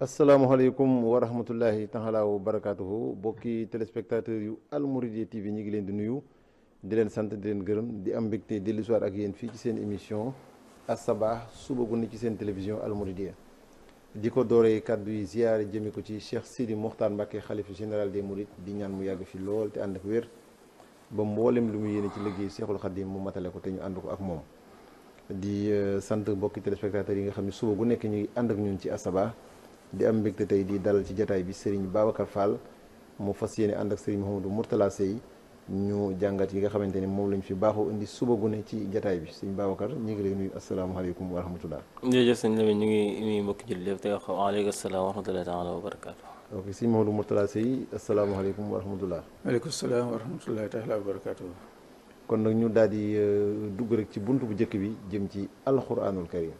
asalaamaaleykum wa rahmatullahi taala wa barakaatuhu bokki téléspectateurs yu almouridiyyah tv ñi ngi leen di nuyu di leen sant di leen gërëm di am mbégte dellusiwaat ak yéen fii ci seen émission as suba gu ne ci seen télévision Al Mouridiyyah di ko dooree kàddu yi ziyaare jëme ko ci Cheikh Sidi Mokhtar Mbacké xalifa général des Mourides di ñaan mu yàgg fi lool te ànd ak wér ba mboolem lu mu yéene ci liggéey Cheikhul Khadim mu matale ko te ñu ànd ko ak moom. di euh, sant mbokki téléspectateurs yi nga xam ne suba gu nekk ñuy ànd ak ñun ci as di am mbégte tey di dalal ci jataay bi Serigne Babacar Fall mu fas yéene ànd ak Serigne Mouhamadou Mourtala Seye ñu jàngat yi nga xamante ni moom lañ fi baaxu indi suba gu ne ci jataay bi sëñ Babacar ñu ngi lay nuyu asalaamaaleykum wa rahmatullah jërëjëf sëñ Lamine ñu ngi nuyu mbokki jullit yëpp te nga xam aleykum salaam wa rahmatullahi taala wa barakaatu ok sëñ Maodo Mourtala Sey wa rahmatullah kon nag ñu daal di euh, dugg rek ci bunt bu njëkk bi jëm ci alquranul karim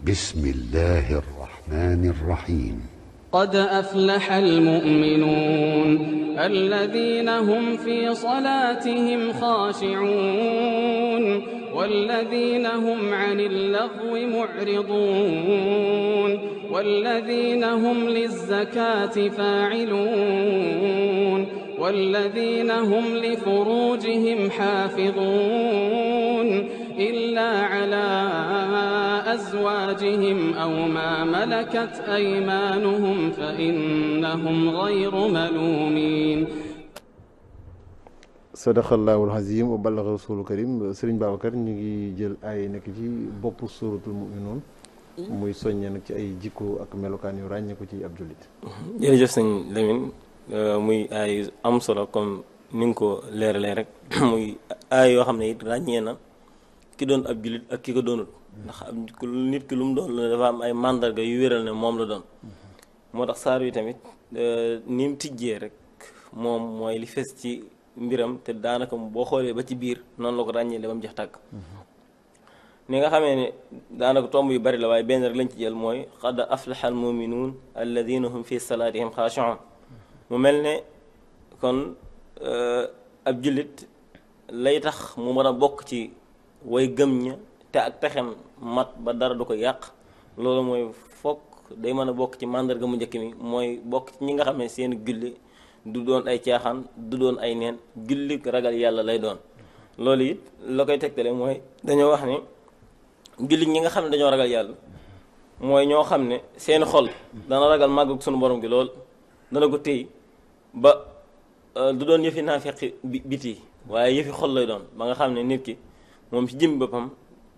bismillahi قد أفلح المؤمنون الذين هم في صلاتهم خاشعون والذين هم عن اللغو معرضون والذين هم للزكاة فاعلون والذين هم لفروجهم حافظون إلا على أزواجهم أو ما ملكت أيمانهم فإنهم غير ملومين sadaqallaahu alazim wa ballagha rasulu karim sëriñ Babacar ñu ngi jël ay nekk ci bopp suuratul muminuun muy soññe nag ci ay jikko ak melokaan yu ràññe ko ci ab jullit jërëjëf sëñ Lamine muy ay am solo comme ni nga ko leeralee rek muy ay yoo xam ne it ràññee na ki doon ab jullit ak ki ko doonul ndax nit ki lu mu doon dafa am ay mandarga yu wéral ne moom la doon moo tax saar wi tamit ni mu tijjee rek moom mooy li fes ci mbiram te daanaka boo xoolee ba ci biir noonu la ko ràññee ba mu jeex tàkk ni nga xamee ne daanaka tomb yu bari la waaye benn rek lañ ci jël mooy qad aflaha al muminuun alladina hum fi salaatihim xaashiun mu mel ne kon ab jullit lay tax mu mën a bokk ci way gëm ña te ak pexem mat ba dara du ko yàq lolu moy fokk day meuna bok ci màndarga mu njëkk mi moy bok ci nga xamé seen gulli du doon ay tiaxan du doon ay neen gulli ragal yalla lay doon lolu it la koy tektale moy dañu wax ni gulli ñi nga xamné dañu ragal yalla moy ño xamné seen xol dana ragal ak sunu borom gi lolu dana ko tey ba euh, du doon yefi naafeqi biti waye yefi xol lay doon ba nga xamné nit ki mom ci jëm bopam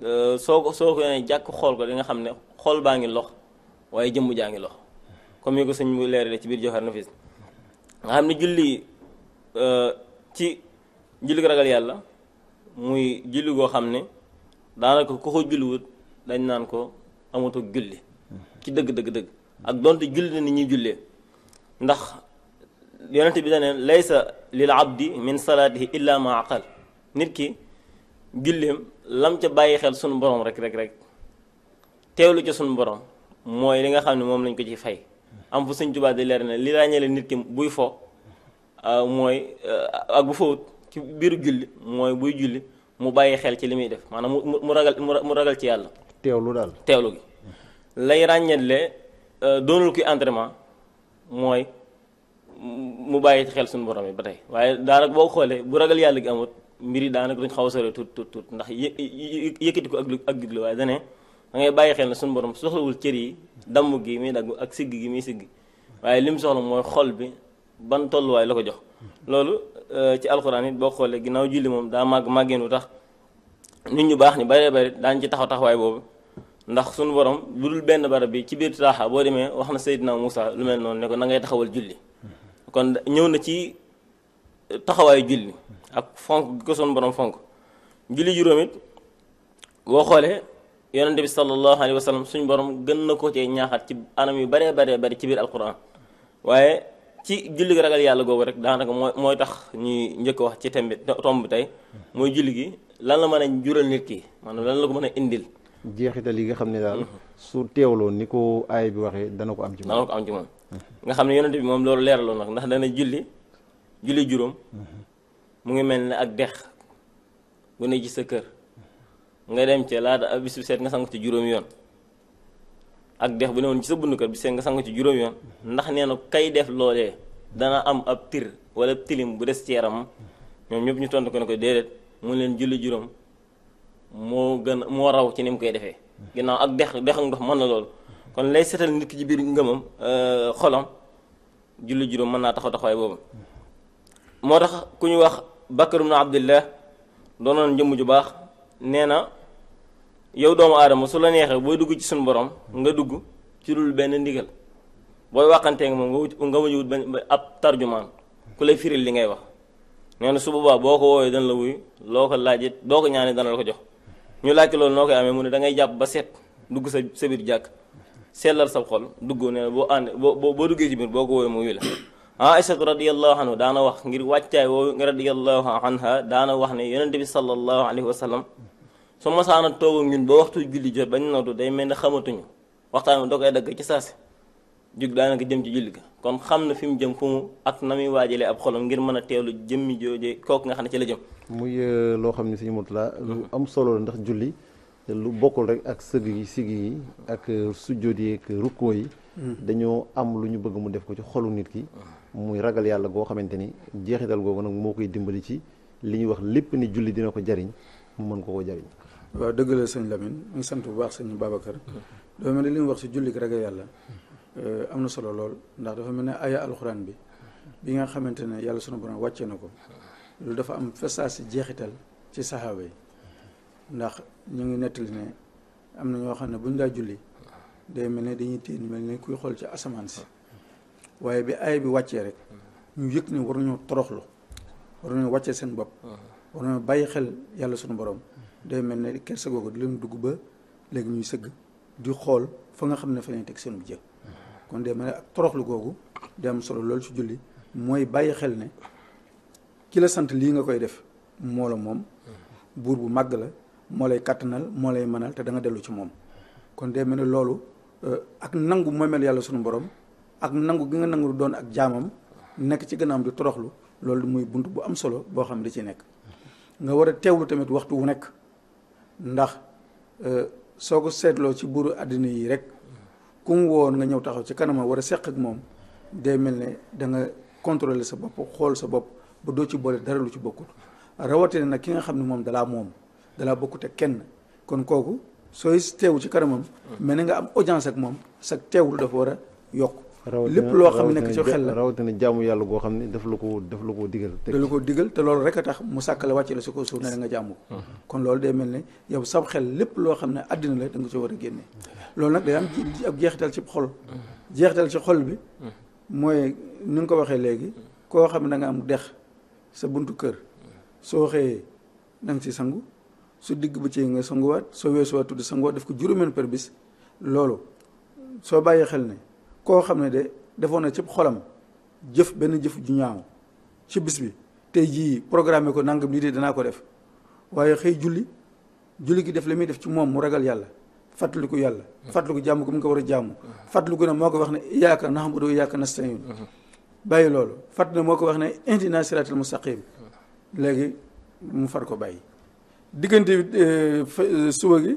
Euh, soo ko soo ko nee jàkk xool ko di nga xam ne xool baa ngi lox waaye jëmm jaa ngi lox comme yi ko sëñ bu leerale ci biir Jawhar Nafis nga xam ne julli euh, ci julli ko ragal yàlla muy julli goo xam ne daanaka ku ko julliwut dañ naan ko amatu julli ci dëgg dëgg dëgg ak donte julli na ni ñuy jullee ndax yonente bi daneen laysa lil abdi min salaatihi illa ma aqal nit ki julleem lam ca bàyyi xel sunu borom rek rek rek teewlu ca sunu borom mooy li nga xam ne moom lañ ko ci fay am fu sëñ Tuubaa di leer ne li ràññale nit ki buy fo euh, mooy euh, ak bu fawut ci biiru julli mooy buy julli mu bàyyi xel ci li muy def maanaam mu mu ragal mu ragal ci yàlla. lu daal teewlu gi. lay ràññale euh, doonul kuy entraînement mooy mu bàyyi xel sunu borom yi ba tey waaye daanaka boo xoolee bu ragal yàlla gi amut. mbir yi daanaka duñ xaw a sore tut tuut tuut ndax yë yëkkati ko ak ak diglu waaye dane da bàyyi xel ne suñu borom soxlawul cër yi damm gi muy dagg ak sigg gi muy sigg waaye li mu soxla mooy xol bi ban tolluwaay la ko jox loolu euh, ci alxuraan yi boo xoolee ginnaaw julli moom daa màgg màggeen wu tax nit ñu baax ni bare bare daañ ci taxaw taxawaay boobu ndax suñu borom lu dul benn barab bi ci biir taaxa boo demee wax na Seydina Moussa lu mel noonu ne ko na ngay taxawal julli kon ñëw na ci taxawaayu julli ak fonk ko son borom fonk julli juromit it boo xoolee yonente bi sallallahu alaihi wasallam suñ borom gën na ko cee ci anam yu bare bare bare ci bir alquran waye ci julli gi ragal yalla gogo rek daanaka mooy moy tax ñi ñëk wax ci tembe tomb tay moy julli gi lan la mëna jural nit ki manam lan la ko mëna indil jeexita li nga xamni dal su teewloo ni ko aay bi waxe da ko am ci moom ko am ci moom nga xamni ne bi nak ndax na julli julli jurom mhm mu ngi mel ak dex bu ne ci sa keur nga dem ca laata bis bu set nga sang ci juroom yoon ak dex bu ne ci sa bundu keur bi nga sang ci juroom yoon ndax neenu na kay def lolé dana am ab tir wala tilim bu dess ci yaram ñom ñep ñu tontu ko ne ko dedet mu leen julli juroom mo gën mo raw ci nim koy defé ginnaw ak dex dex ndox mën kon lay setal nit ki ci ngeumam euh xolam julli juroom man na taxaw taxawaay bobu motax kuñu wax Bakar ibnu Abdillah doonoon jëmm ju baax nee na yow doomu aadama su la neexee booy dugg ci suñu borom nga dugg ci dul benn ndigal booy waxantee nga moom nga wut nga mujj wut benn ab tarjumaan ku lay firil li ngay wax nee na su boobaa boo ko woowee dana la wuyu loo ko laajit doo ko ñaanee dana la ko jox ñu laajte loolu noo koy amee mu ne da ngay jàpp ba seet dugg sa sa biir jàkk seetlal sa xol duggoo nee boo ànd boo boo duggee ci biir boo ko woowee mu wuyu la عائشة رضي الله عنه daana wax ngir wàccaay woo radiyallahu anha daana wax ne yonent bi sallallahu alayhi wa sallam su masaana toog ñun ba waxtu julli jot bañ noddu day mel ne xamatuñu waxtaan bi da koy dagg ci saasi jug daanaka jëm ci julli ga kon xam na fi mu jëm fu mu ak na muy waajalee ab xolam ngir mën a teelu jëmmi jooje kooku nga xam ne ci la jëm muy loo xam ne suñu motulaa lu am solo la ndax julli lu bokkul rek ak sëgg yi sigg yi ak sujjóot yi ak rukkoo yi dañoo am lu ñu bëgg mu def ko ci xolu nit ki muy ragal yàlla goo xamante ni jeexital googu nag moo koy dimbali ci li ñuy wax lépp ni julli dina ko jariñ mu mën ko ko jariñ waa dëgg la sëñ Lamine ngi sant bu baax sëñ Babacar dafa mel ne li mu wax si julli ragal yàlla euh, am na solo lool ndax dafa mel ni aya alxuraan bi bi nga xamante ne yàlla sunu borom wàccee na ko loolu dafa am fesaa si jeexital ci saxaaba yi ndax ñu ngi nettali ne am na ñoo xam ne bu ñu daa julli day mel ni dañuy téen mel ne kuy xool ci asamaan si waaye bi aay bi wàccee rek ñu yëg ne war nañoo toroxlu war nañoo wàccee seen bopp war nañoo bàyyi xel yàlla suñu borom day mel ne kerse googu di leen dugg ba léegi ñuy sëgg di xool fa nga xam ne fa teg seen jëf kon day mel ne ak toroxlu googu day am solo loolu ci julli mooy bàyyi xel ne kila sant lii nga koy def moo la moom buur bu màgg la moo lay kàttanal moo lay mënal te danga dellu ci moom kon day mel ne loolu euh, ak nangu moomeel yàlla sunu borom ak nangu gi nga nangu doon ak jaamam nekk ci gannaam di toroxlu loolu muy bunt bu am solo boo xam li ci nekk nga war a teewlu tamit waxtu wu nekk ndax euh, soo ko seetloo ci buuru àddina yi rek ku mu woon nga ñëw taxaw ci kanamam war a seq ak moom day mel ne da nga contrôler sa bopp xool sa bopp ba doo ci boole dara ci bokkut rawatina nag ki nga xam ne moom dalaa moom dalaa bokkute kenn kon kooku sooy teewu ci kanamam mel na nga am audience ak moom sa teewlu dafa war a yokk lépp loo xam ne nekk ci xel la rawatina jaamu yàlla goo xam ne daf la ko daf la ko digal da la ko digal te loolu rek a tax mu sàkk la wàcce la si ko suuf ne da nga ko mhm. kon loolu day mel ne yow sab xel lépp loo xam ne àddina la da nga ci war a génne loolu nag day am ab jeexital ci xol jeexital ci xol bi mooy ni ko waxee léegi koo xam ne da am dex sa buntu kër soo xëyee da nga sangu su digg ba ci nga sanguwaat soo weesuwaat tudd sanguwaat daf ko juróomeen par bis loolu soo bàyyee xel ne koo xam ne de defoon na ci xolam jëf benn jëf ju ñaaw ci bis bi tey jii programme ko nangam lii de danaa ko def waaye xëy julli julli gi def li muy def ci moom mu ragal yàlla ko yàlla fàttaliku jàmm gu mu ko war a jàmm ko ne moo ko wax ne iyyaka na'budu wa iyyaka nasta'iin bàyyi loolu fàttali ne moo ko wax ne ihdina siraatal mustaqim léegi mu far ko bàyyi diggante euh, suba gi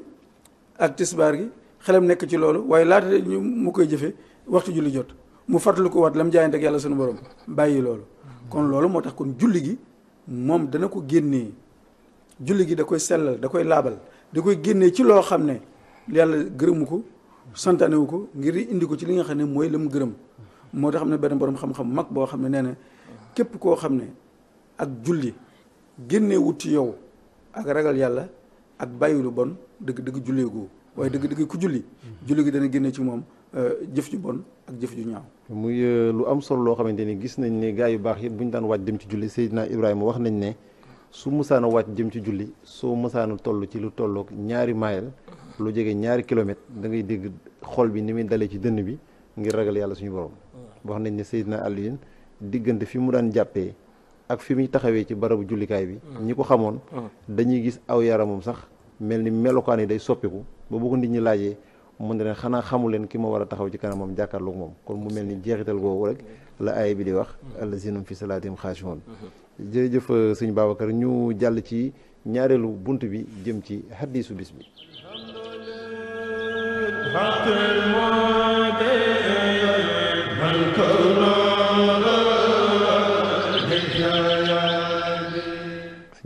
ak tisbaar gi xelam nekk ci loolu waaye laata ñu mu koy jëfee waxtu julli jot mu fàttali ko waat lam jaayante ak yàlla sunu borom bàyyi loolu kon loolu moo tax kon julli gi moom dana ko génnee julli gi da koy sellal da koy laabal da koy génnee ci loo xam ne yàlla gërëmu ko santanewu ko ngir indi ko ci li nga xam ne mooy la mu gërëm moo tax xam ne benn borom xam-xam mag boo xam ne nee na képp koo xam ne ak julli génnee wut ci yow ak ragal yàlla ak bàyyi lu bon dëgg dëgg jullee goo waaye dëgg dëgg ku julli julli gi dana génne ci moom Euh, jëf ju bon ak jëf ju ñaaw muy euh, lu am solo loo xamante ni gis nañ ne gaa yu baax yëpp bu ñu daan wàcc dem ci julli Seydina Ibrahima wax nañ ne su musaana wàcc jëm ci julli soo musaana toll ci lu tolloog ñaari maayal lu jege ñaari kilomètre da ngay dégg xol bi ni muy dalee ci dënn bi ngir ragal yàlla suñu borom wax nañ ne Seydina Alioune diggante fi mu daan jàppee ak fi muy taxawee ci barabu jullikaay bi ñi ko xamoon mm. dañuy gis aw yaramam sax mel ni melokaan yi day soppiku ba bu nit ñi laajee mu ne leen xanaa xamu leen ki ma war a taxaw ci kanamam jàkkaarloog moom kon mu mel ni jeexital googu rek la aay bi di wax allazinum fi salaatim xaashiun jërëjëf sëñ Babacar ñu jàll ci ñaareelu bunt bi jëm ci xaddiisu bis bi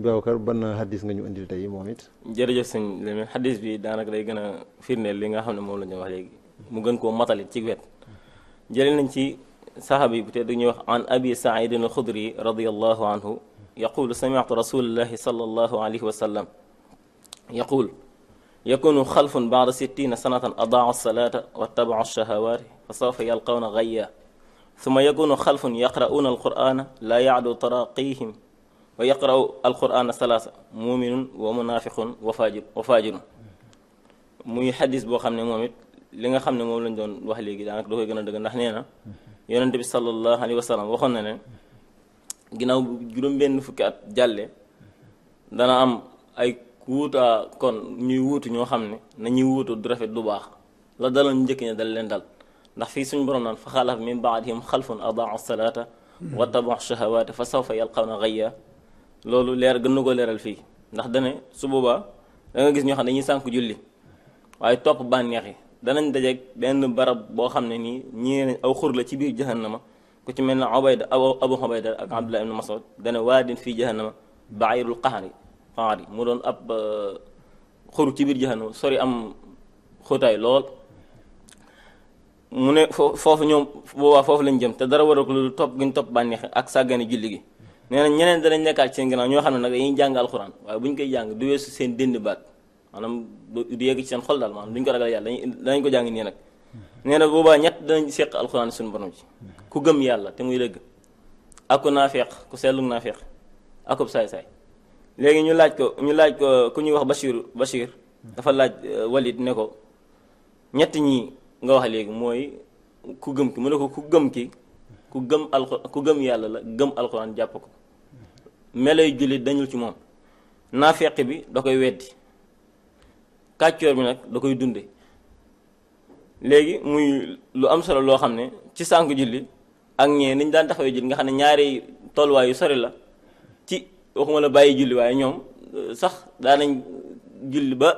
Babacar ban xadis nga ñu indil tey moom it. jërëjëf sëñ Lamine xadis bi daanaka day gën a firndeel li nga xam ne moom la ñu wax léegi mu gën koo matalit ci wet jëlee nañ ci saxaabi bu tedd ñuy wax an abi saidin alxudri radiallahu anhu yaqulu samiatu rasulallahi salallahu alayhi wa sallam yaqul yakunu xalfun baada sittina sanatan adaau salata wattabau alshahawati fa sawfa yalqawna gayya ثم يكون خلف يقرؤون القرآن لا يعلو تراقيهم ويقرأ القرآن ثلاثة مؤمن ومنافق وفاجر وفاجر muy xadis boo xam ne moom it li nga xam ne moom lañ doon wax léegi daanaka da koy gën a dëgg ndax nee na yonente bi sallallahu alayhi wa sallam waxoon na ne ginnaaw juróom-benn fukki at jàlle dana am ay wuutaa kon ñuy wuutu ñoo xam ne nañuy wuutu du rafet du baax la daloon njëkk ña dal leen dal ndax fii suñu borom naan fa xaalaf min baadihim xalfun adaa salaata wa tabax shahawaati fa sawfa yalqawna gayya loolu leer gën na ko leeral fii ndax dane su boobaa da nga gis ñoo xam dañuy sànku julli waaye topp bànneex yi danañ dajeeg benn barab boo xam ne nii ñii aw xur la ci biir jahannama ku ci mel ne Ubayda Abu Ubayda ak Abdullah ibn Mas'ud dane waadin fii jahannama baayirul qaxari xaar mu doon ab xur ci biir jahannama sori am xóotaay lool mu ne foofu ñoom boobaa foofu lañ jëm te dara waral ko lu topp guñ topp bànneex ak sàggane julli gi nee na ñeneen danañ nekkaat seen gannaaw ñoo xam ne nag dañuy jàng alxuraan waaye bu ñu koy jàng du weesu seen dënd baat maanaam du yegg ci seen xol daal maanaam duñ ko ragal yàlla danañ ko jàng nii nag nee na boobaa ñett danañ seq alxuraan suñu borom ci ku gëm yàlla te muy dëgg ak ku naafeeq ku sellu naafeeq ak ku saay-saay léegi ñu laaj ko ñu laaj ko ku ñuy wax Bachir Bachir dafa laaj euh, Walid ne ko ñett ñi nga wax léegi mooy ku gëm ki mu ne ko ku gëm ki ku gëm alxu ku gëm yàlla la gëm alxuraan jàpp ko melay jullit dañul ci moom naa naafeq bi da koy weddi kàccoor bi nag da koy dunde léegi muy lu am solo loo xam ne ci sànq julli ak ñee niñ daan taxawee julli nga xam ne ñaari tolluwaay yu sori la ci waxuma la bàyyi julli waaye ñoom euh, sax daanañ julli ba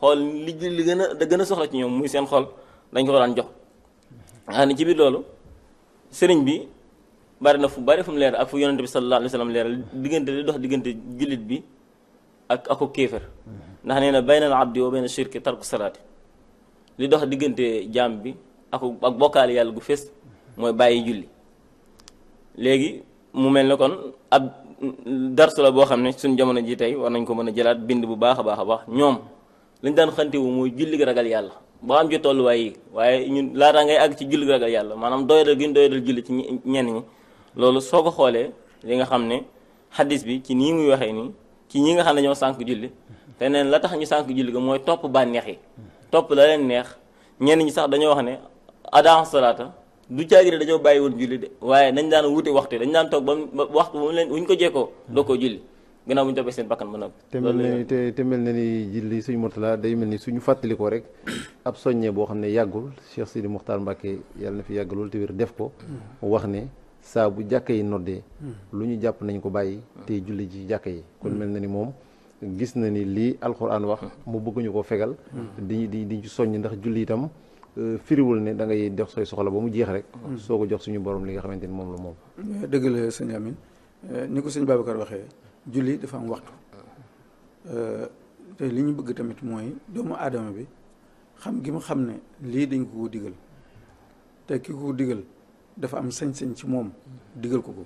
xool li julli gën a da gën a soxla ci ñoom muy seen xol dañ ko daan jox nga xam ne ci biir loolu sëriñ bi bari na fu bari fu leer ak fu yonente bi sallallahu alayhi wa sallam leeral diggante li dox diggante jullit bi ak ako kéefër ndax nee na baynal abdi wa bayna shirki tarku salaati li dox diggante jaam bi ak ak bokkaale yàlla gu fees mooy bàyyi julli léegi mu mel ne kon ab darsu la boo xam ne suñ jamono ji tey war nañ ko mën a jëlaat bind bu baax a baax a baax ñoom lañ daan xantewu mooy julli ragal yàlla ba am ci tolluwaay yi waaye ñun laataa ngay àgg ci julli ragal yàlla maanaam doyadal gi ñu doyadal julli ci ñenn ñi loolu soo ko xoolee li nga xam ne xadis bi ci nii muy waxee nii ci ñi nga xam ne ñoo sànq julli te neen la tax ñu sànq julli ga mooy topp bànneex yi topp la leen neex ñenn ñi sax dañoo wax ne adan salaata du caagire dañoo bàyyi woon julli de waaye dañ daan wute waxtu dañ daan toog ba waxtu bu leen wuñ ko jekkoo doo ko julli ginnaaw bu ñu seen bakkan ba noppi. te mel na te te mel na ni jilli suñu Mourtala day mel ni suñu fàttalikoo rek ab soññee boo xam ne yàggul Cheikh Sidi Moukhtar Mbacké yàlla na fi yàgg loolu te wér def ko. Mm. wax ne saa bu jàkka yi noddee. Mm. lu ñu jàpp nañ ko bàyyi. Mm. te julli ji jàkka yi. kon mel na ni moom gis na ni lii alxuraan wax. mu bëgguñu ñu ko fegal. di di di soññ ndax julli itam. Euh, firiwul ne da ngay def sooy soxla ba mu jeex rek. soo ko jox suñu borom li nga xamante ni moom la moom. dëgg la sëñ euh, ni ko waxee. julli dafa am waxtu te li ñu bëgg tamit mooy doomu aadama bi xam gi mu xam ne lii dañ ko ko digal te ki ko digal dafa am sañ-sañ ci moom digal ko ko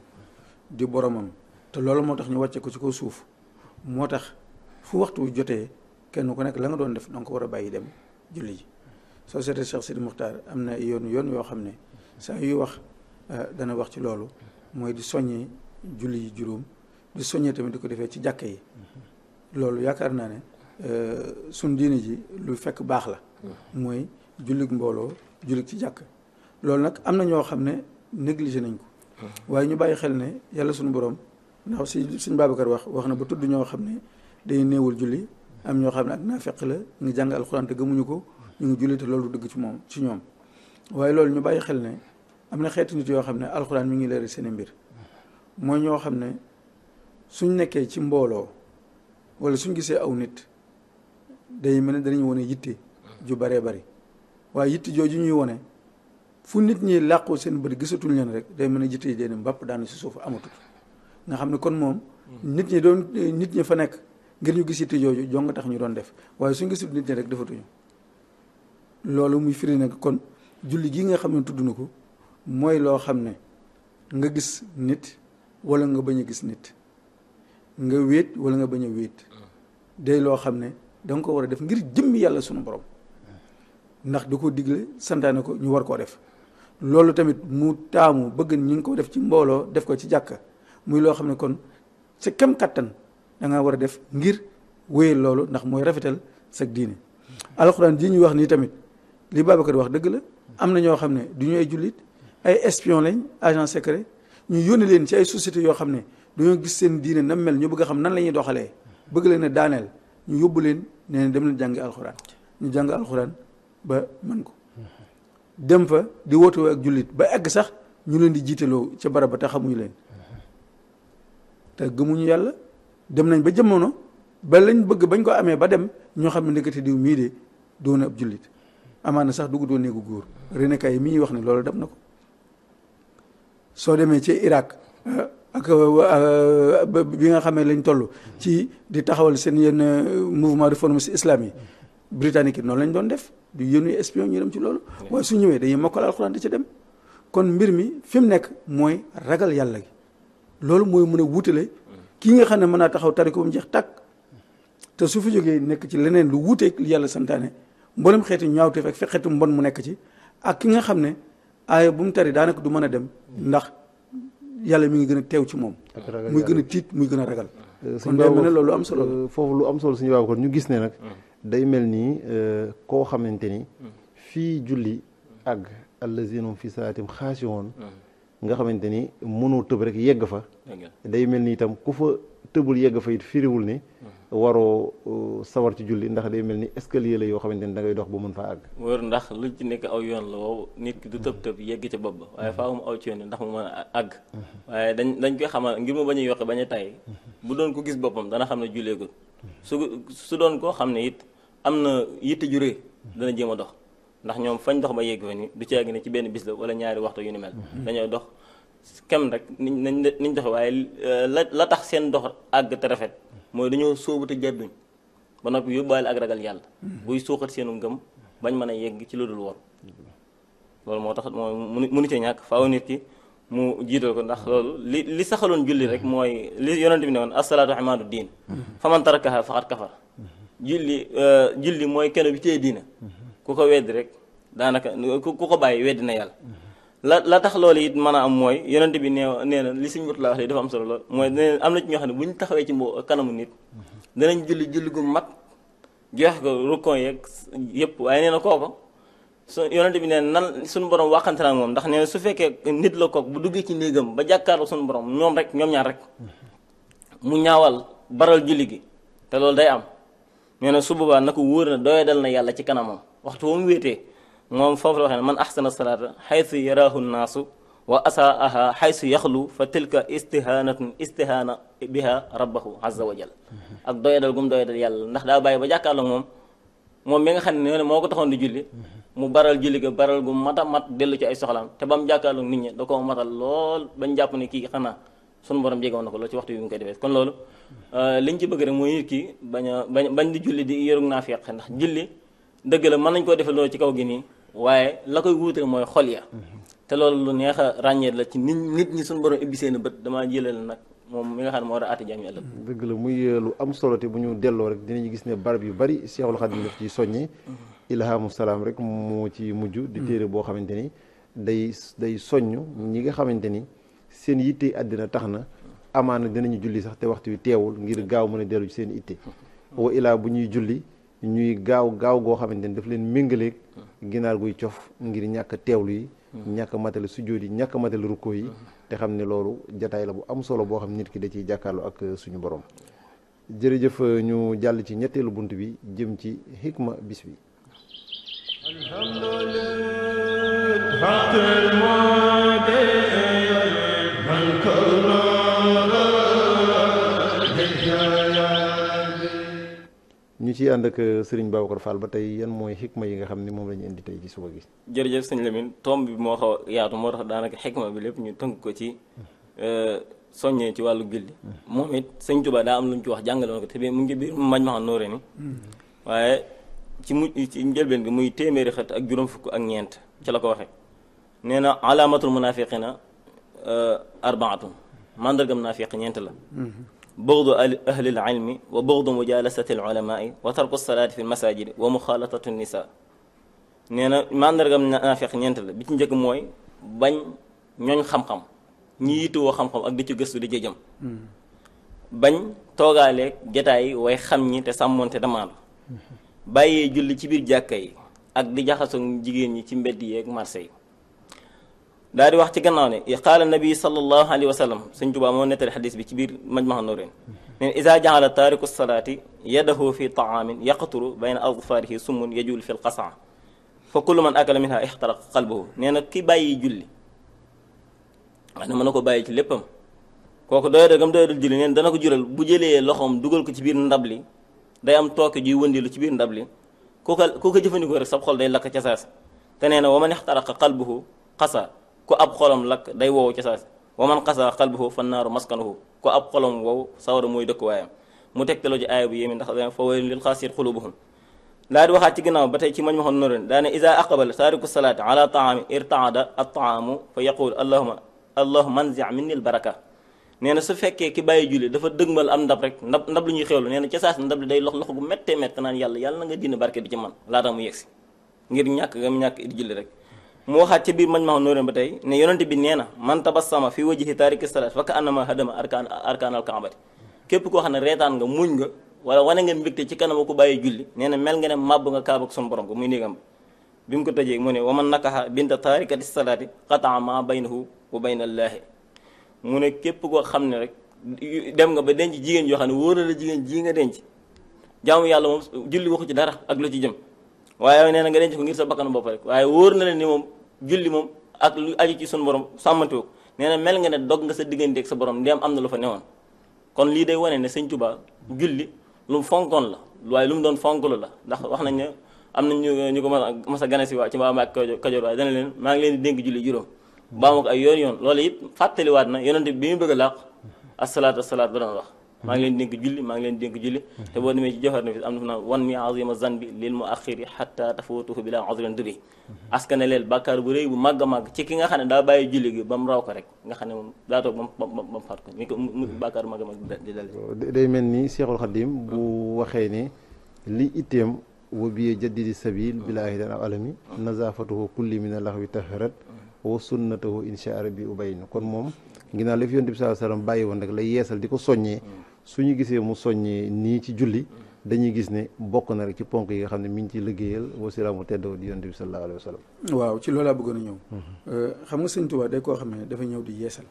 di boromam te loolu moo tax ñu wàcce ko ci kaw suuf moo tax fu waxtu jotee kenn ku nekk la nga doon def ko war a bàyyi dem julli ji société Cheikh Sidi Muxtaar am na yoon yoon yoo xam ne saa yu wax dana wax ci loolu mooy di soññee julli juróom di soññee tamit di ko defee ci jàkk yi loolu yaakaar naa ne euh, suñ diine ji lu fekk baax la mooy jullig mbooloo jullig ci jàkk loolu nag am na ñoo xam ne négligé nañ ko waaye ñu bàyyi xel ne yàlla suñu borom ndax si suñ Babacar wax wax na ba tudd ñoo xam ne day néewal julli am ñoo xam ne ak naafeq la ngi jàng alxuraan te gëmuñu ko ñu ngi julli te loolu dëgg ci moom ci ñoom waaye loolu ñu bàyyi xel ne am na xeetu nit yoo xam ne alxuraan mu ngi leeral seen mbir suñ nekkee ci mbooloo wala suñ gisee aw nit day mën ne danañ wone yitte ju baree bari waaye yitte jooju ñuy wane fu nit ñi làqoo seen bët gisatul leen rek day mën a yitte yi dee na mbàpp daanu si suuf amatul nga xam ne kon moom nit ñi doon nit ñi fa nekk ngir ñu gis yitte jooju jonga tax ñu doon def waaye suñ gisul nit ñi rek defatuñu loolu muy firi nag kon julli gi nga xam ne tudd na ko mooy loo xam ne nga gis nit wala nga bañ a gis nit nga wéet wala nga bañ a wéet day loo xam ne da nga ko war a def ngir jëmmi yàlla sunu borom ndax du ko digle santaane ko ñu war koo def loolu tamit mu taamu bëgg ñu ngi ko def ci mbooloo def ko ci jàkka muy loo xam ne kon sa kem kattan da nga war a def ngir wéy loolu ndax mooy rafetal sa diine. alxuraan ji ñuy wax nii tamit li Babacar wax dëgg la am na ñoo xam ne du ñu ay jullit ay espion lañ agent secret ñu yónni leen ci ay sociétés yoo xam ne. dañoo gis seen diine na mel ñu bëgg a xam nan la ñuy doxalee bëgg leen a daaneel ñu yóbbu leen nee dem leen jàngi alxuraan ñu jàng alxuraan ba mën ko dem fa di wootewoo ak jullit ba egg sax ñu leen di jiitaloo ca barab ba te xamuñu leen te gëmuñu yàlla dem nañ ba jamono ba lañ bëgg bañ ko amee ba dem ñoo xam ne ndekete diw mii de doon ab jullit amaana sax dugg doon néegu góor René Kaye mii wax ne loolu dem na ko soo demee ci Irak ak euh, bi nga xamee lañ toll ci di taxawal seen yenn euh, mouvement de réformistes islamique yi britannique yi noonu lañ doon def du yéenu espion ñu dem ci loolu waaye su ñëwee dañuy mokkal alxuraan di ci dem kon mbir mi fi mu nekk mooy ragal yàlla loolu mooy mën a wutale kii nga xam ne mën naa taxaw tariku ba mu jeex tàkk te su fi jógee nekk ci leneen lu wuuteeg li yàlla santaane mboolem xeeti ñaawte ak fekk xeetu mbon mu nekk ci ak ki nga xam ne aaya bu mu tari daanaka du mën a dem yàlla mi ngi gën a teew ci moom muy gën a tiit muy gën a ragal euh, kon day mel am solo euh, foofu lu am solo suñu baabu kon ñu gis ne nag mm. day mel nii euh, koo xamante ni fii julli àgg allazinum fi salaatim xaasi woon mm. nga xamante ni mënoo tëb rek yegg fa day mel ni itam ku fa tëbul yegg fa it firiwul ni waroo uh, sawar ci julli ndax day mel ni escalier la yoo xamante ni da ngay dox ba mën faa àgg wër ndax lu ci nekk yoon la woow nit ki du tëb tëb yegg ca bopp ba mm-hmm. waaye faa mu aw ci mm-hmm. dañ dañ koy xamal ngir mu bañ a yoqe bañ a tay mm-hmm. bu doon ko gis boppam dana xam ne julleegul su su doon koo xam ne it am na yit ju rëy dana jéem a dox ndax ñoom fañ dox ba yegg fa ni du ci àgg ne ci benn bis la wala ñaari waxtu yu ni mel dañoo dox kem rek ni niñ niñ doxe waaye euh, la la tax seen dox àgg te rafet mooy dañoo sóobu te jàdduñ ba noppi yóbbaale ak ragal yàlla buy suuxat seenu ngëm bañ mën a yegg ci lu dul woon loolu moo tax mooy mu mënu cee ñàkk faaw nit ki mu jiital ko ndax loolu li li saxaloon julli rek mooy li yonent bi ne woon asalaatu imaadu diin faman tarakaha faqat kafar julli euh, julli mooy keno bi tee diina ku ko weddi rek daanaka ku ko bàyyi weddi na yàlla la la tax loolu it mën a am mooy yonent bi nee nee na li suñ la wax dafa am solo lool mooy am na ci ñoo xam ne bu ñu taxawee ci mbo kanamu nit danañ julli julli gu mat joxe ko rukkon yeeg yëpp waaye nee na kooku su yonent bi nee nan suñu borom waxante na moom ndax nee su fekkee nit la kook bu duggee ci néegam ba jàkkaarloo suñu borom ñoom rek ñoom ñaar rek mu ñaawal baral julli gi te loolu day am nee na su boobaa na ko wóor na doyadal na yàlla ci kanamam ngom fofu la waxee man ahsana haythu yarahu an-nasu wa asaaha haythu yakhlu fa tilka istihanatun istihana biha rabbahu azza wa jal ak doyadal gum doyadal yalla ndax da baye ba jakkal mom mom mi nga xamne ne moko taxone di julli mu baral julli ga baral gu mata mat delu ci ay soxlam te bam jakkal nit ñi da ko matal lol bañ japp ne ki xana sun borom jegoon na lo ci waxtu yu mu koy kon loolu euh, liñ ci bëgg rek moy nit ki bañ bañ di julli di yeruk nafiq ndax julli deug la man nañ ko defal lo ci kaw gi ni waaye la koy wuute mooy xol ya te loolu lu neex a ràññeet la ci nit nit ñi suñu borom ibbi seen bët damaa jëlal nag moom mi nga xam ne moo a àtte la muy euh, lu am solo bu ñu delloo rek dinañu gis ne barab yu bari Seexul Xadiim daf ci soññee ilhaamu salaam rek moo ci mujj di téere boo xamante ni day day soññ ñi nga xamante ni seen yitte àddina tax na amaana dinañu julli sax te waxtu wi teewul ngir gaaw mën a dellu ci seen itte wa ilaa bu ñuy julli ñuy gaaw gaaw goo xamante ni daf leen méngaleeg ginaar guy cof ngir ñàkk teewlu yi ñàkk matale sujjóot yi ñàkk matale rukkoo yi te xam ne loolu jataay la bu am solo boo xam nit ki da ciy jàkkaarloo ak suñu borom jërëjëf ñu jàll ci ñetteelu bunt bi jëm ci xikma bis bi ciy ànd ak euh, Serigne Babacar Fall ba tey yan mooy xikma yi nga xam ne moom la ñu indi tey ci suba gi. jërëjëf sëñ Lamine tomb bi moo xaw a yaatu moo tax daanaka xikma bi lépp ñu tënk ko ci mm-hmm. euh, soññee ci wàllu julli. moom it sëñ Tuba daa am lu mu ci wax jàngale woon ko te mu ngi biir mañ ma xam noore ni mm-hmm. waaye ci mu ci njëlbeen bi muy téeméeri xët ak juróom fukk ak ñeent ci la ko waxee nee na alaamatul na euh, arbaatun mandargam naafiq ñeent la. Mm-hmm. بغض أهل العلم وبغض مجالسة العلماء وترك الصلاة في المساجد ومخالطة النساء نينا ما ندرك من نافق نينت لا بيتن جاك موي بان نيون خم خم نييتو و خم خم اك ديتو گستو دي جيجم بان توغالي جتاي واي خم ني تي سامونتي دمان باي جولي سي بير جاكاي اك دي جاخاسو جيجين ني سي مبيدي اك مارسي دادي واخ تي يقال النبي صلى الله عليه وسلم سن جوبا مو نتا الحديث بي مجمع النورين من اذا جعل تارك الصلاه يده في طعام يقطر بين اظفاره سم يجول في القصع فكل من اكل منها احترق قلبه نينا كي باي جولي انا ما نكو باي ليبم كوكو دوي دغم دوي دول جولي نين دا نكو جورال بو جيلي لوخوم دوجال ندبلي داي ام توكي جي وندي لو سي بير ندبلي كوكو كوكو جيفاني كو رك صاب خول داي لاك ومن احترق قلبه قصر ku ab xolam lak day wow ci saasi wa man qasa qalbuhu fa naaru maskanuhu ku ab xolam wow sawara mooy dëkkuwaayam mu tegtaloo ci aaya bu yemi ndax fa wayl lil xaasiin xulubuhum laa di waxaat ci ginnaaw ba tey ci mañ maxoon norin daa ne ida aqbal taariku salaat ala taami irtaada attaamu fa yaqul allahuma allahuma manzi minni l baraka nee na su fekkee ki bàyyi julli dafa dëgmal am ndab rek ndab ndab lu ñuy xewlu nee na ca saas ndab li day lox lox gu méttee métte naan yàlla yàlla na nga diine barke bi ci man laata mu yegsi ngir ñàkk gam ñàkk it julli rek mo xati bi man ma noore ba ne bi neena man tabassama fi wajhi salat salaat kana ma hadama arkan arkan al képp kep ko xana retan nga muñ nga wala wané nga mbikté ci kanam ko baye julli neena mel nga ne mab nga kaabak sun borom ko muy negam bim ko tëjee mo ne wa man nakaxa binta taarikati salat qata ma baynahu wa bayna allah mu ne kep ko xamne rek dem nga ba denj jigen yo xam wora la jigen ji nga denj jaamu yalla mom julli waxu ci dara ak lu ci jëm waye nga denj ko ngir sa bakkanu rek na ni mom julli moom ak lu aju ci suñu borom sàmmantewoo ko nee na mel nga ne dog nga sa diggante ak sa borom ndéem am na lu fa newoon kon lii day wane ne sëñ Tuubaa julli lu mu fonkoon la waaye lu mu doon fonk lu la ndax wax nañ ne am nañ ñu ñu ko mas a gane si waa ci mbaa maak Kajoor waaye dana leen maa ngi leen di dénk julli juróom baa ma ko ay yoon yoon loolu it fàttaliwaat na yonente bi mu bëgg a làq asalaatu asalaatu ba doon wax ما لين دينك جلي ما لين دينك جلي تبغى نمشي جهر نفس أمن فنا وان مي عظيم الزن بليل ما أخري حتى تفوته بلا عظيم دري أسكن الليل بكر بري ومعا ما تكين عن دا باي جلي بام راو كرك عن دا تو بام بام بام فارك ميك بكر معا ما جدال دي مني سير الخدم بو لي إتيم وبي جديد السبيل بلا أهل العالمي نزافته كل من الله تهرد وسنته إن شاء ربي أبينه كن موم ginaaw li fi yonte bi saaw salaam bàyyi woon rek su ñu gisee mu soññee nii ci julli dañuy gis ne bokk na rek ci ponk yi nga xam ne mi ngi ciy liggéeyal wasilaamu tedd di yonent bi sallallahu alayhi wa sallam waaw ci loolaa bëggoon a ñëw mhm. euh, xam nga sëñ Tuubaa day koo xam ne dafa ñëw di yeesal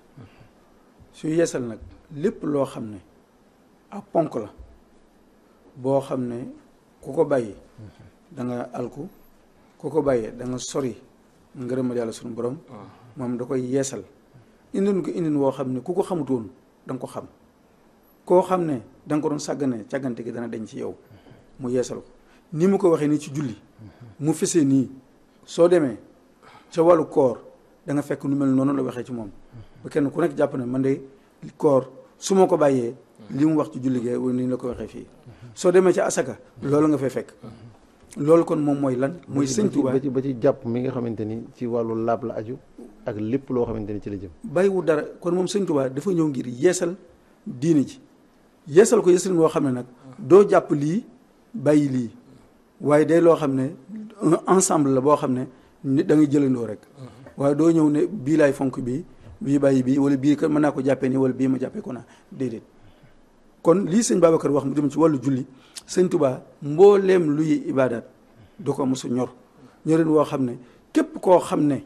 su yeesal nag lépp loo xam ne ak ponk la boo xam ne ku ko bàyyi danga alku ku ko bàyyee da nga sori ngërëmal yàlla suñu borom ah. moom da koy yeesal indin ko indin woo xam ne ku ko xamut danga ko xam ko xamne dang ko don sagane càggante gi dana deñ ci yow mu yeesal ko ni mu ko waxe ni ci julli mu fesse ni so demee ci walu koor da nga fekk nu mel nonu la waxe ci mom bu kenn ku nek japp ne man day koor suma ko baye li wax ci julli ni la ko waxe fi so ci asaka lolou nga fay fekk lolou kon momo moy lan moy seigne touba ba ci ba ci japp mi nga xamanteni ci walu lab la aju ak lepp lo xamanteni ci la jëm bayiwu dara kon momo sëñ Tuubaa dafa ñew ngir yeesal diine ji yeesal ko yeesalin boo xam ne nag doo jàpp lii bàyyi lii waaye de loo xam ne ensemble la boo xam ne nit jëlandoo rek waaye doo ñëw ne bii laay fonk bii bii bàyyi bii wala bii kat mën naa ko jàppee nii wala bii ma jàppee ko naa déedéet kon lii sëñ Babacar wax mu dem ci wàllu julli sëñ Tuubaa mbooleem luy ibaadaat du ko mosu ñor ñoreen woo xam ne képp koo xam ne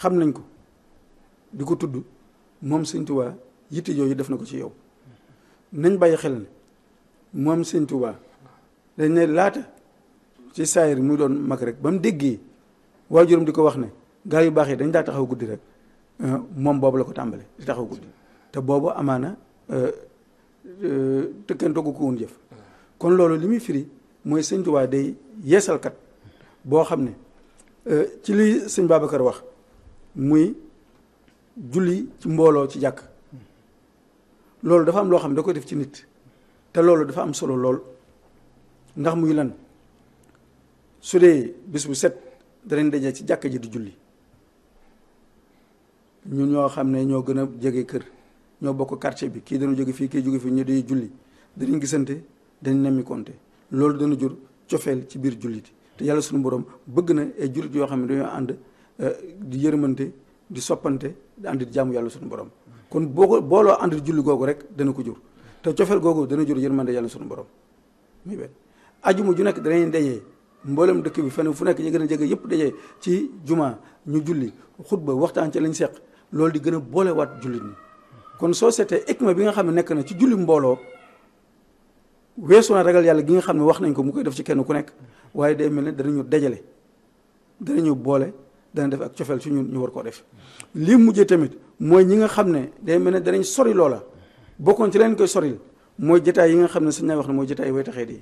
xam nañ ko di ko tudd moom sëñ Tuubaa yitte yooyu def na ko ci yow nañ bàyyi xel ne moom sëñ Tuubaa dañ ne laata ci saayir muy doon mag rek ba mu déggee waajuram di ko wax ne gaa yu baax yi dañ daa taxaw guddi rek eh, moom boobu la ko tàmbale di taxaw guddi te boobu amaana eh, eh, te kenn togg ko woon jëf kon loolu li muy firi mooy sëñ Tuubaa day yeesalkat boo xam ne ci li sëñ Babacar wax muy julli ci mbooloo ci jàkk loolu dafa am loo xam ne da koy def ci nit te loolu dafa am solo lool ndax muy lan su dee bis bu set danañ daje ci jàkka ji di julli ñun ñoo xam ne ñoo gën a jege kër ñoo bokk quartier bi kii dana jóge fii kii jóge fii ñu day julli danañ gisante danañ nemmi konte loolu dana jur cofeel ci biir julliti te yàlla suñu borom bëgg na ay jullit yoo xam ne dañoo ànd euh, di yërmante di soppante di ànd di jàmm yàlla suñu borom kon boo ko booloo ànd julli googu rek dana ko jur te cofeel googu dana jur yërmande yàlla sunu borom ajuma ju nekk danañ dajee mboolem dëkk bi fenn fu nekk ñu gën a jege yëpp dajee ci juma ñu julli xutba waxtaan ci lañ seq loolu di gën a boolewaat jullit ñi kon soo seetee hikma bi nga xam ne nekk na ci julli mbooloo weesu na ragal yàlla gi nga xam ne wax nañ ko mu koy def ci kenn ku nekk waaye day mel ne danañu dajale danañu boole dana def ak cofeel ci ñun ñu war koo def lii mujjee tamit mooy ñi nga xam ne day mel ne danañ sori loola bokkoon ci leen koy soril mooy jataay yi nga xam ne suñ naa wax ne mooy jataay way taxee di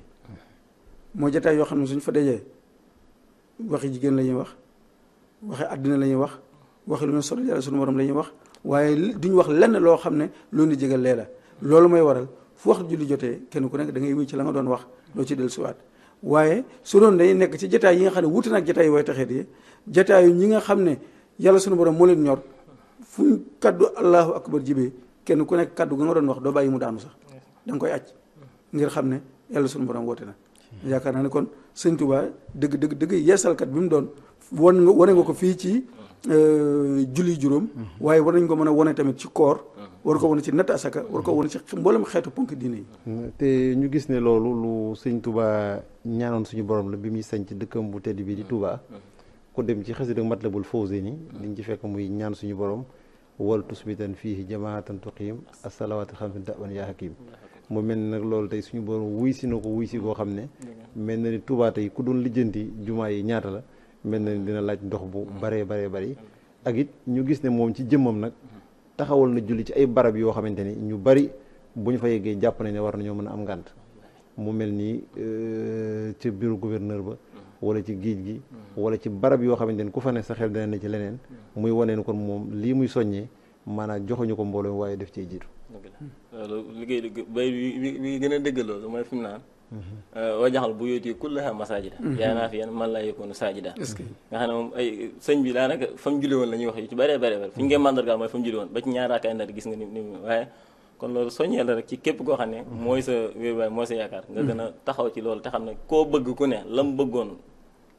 mooy jataay yoo xam ne suñ fa dajee waxi jigéen la ñuy wax waxi àddina la ñuy wax waxi lu ñu sori yàlla suñu borom la ñuy wax waaye duñ wax lenn loo xam ne loolu ni jégal lee la loolu mooy waral fu wax julli jotee kenn ku nekk da ngay ci la nga doon wax loo ci del suwaat waaye su doon day nekk ci jataay yi nga xam ne wuute nag jataay way taxee di jataay yi ñi nga xam ne yàlla suñu borom moo leen ñor fu kaddu allahu akbar jibee kenn ku nekk kàddu ga nga doon wax doo bàyyi mu daanu sax danga nga koy acc ngir xam ne yàlla sunu borom woote na yaakaar naa ne kon sëñ Tuubaa dëgg dëgg dëgg yeesalkat bi mu doon wan nga wane ko fii ci euh, julli juróom mm-hmm. waaye war nañ ko mën a wane tamit ci koor mm-hmm. war ko wane ci natt asaka war ko wane ci mboolem xeetu ponk diine yi te ñu gis ne loolu lu sëñ Tuubaa ñaanoon suñu borom la bi muy sañ ci dëkkam bu tedd bii di Tuubaa mm-hmm. ku dem ci xasida Matlabul Fawzayni di nga ci fekk muy ñaan suñu borom wal tusbitan fihi jamaatan as asalawaatu xamsin daban ya hakim mu mel nak nag tay suñu borom wuy si na ko wuy si koo mel na ni tay ku doon lijeenti juma yi ñaata la mel na ni dina laaj ndox bu bare bare bari ak it ñu gis ne mom ci jëmmam nak taxawal na julli ci ay barab yo xamanteni ñu bari buñ fa yegge japp na ne war nañu mëna am mu mel euh ci bureau gouverneur ba wala ci géej gi wala ci barab yoo xamante ne ku fa ne sa xel dana ne ci leneen muy waneen kon moom lii muy soññee maanaam joxuñu ko mbooloo waaye def cee jiitu euh, loolu liggéey li bay bi bi gën a dëggaloo loolu mooy fi mu naan waa bu yooyu kullaha masajida mhm. yaa naa fi yan man laa yëkkoon saajida nga xam ne moom ay sëñ bi daanaka fa mu julli woon la wax yu ci bëree bëri fi ñu koy mandargaal mooy fa mu woon ba ci ñaar raakaay ndar gis nga ni ni kon loolu soññee la rek ci képp koo xam ne mhm. mooy sa wéeruwaay mooy sa yaakaar nga mhm. gën taxaw ci loolu te xam ne koo bëgg ku ne lam bëggoon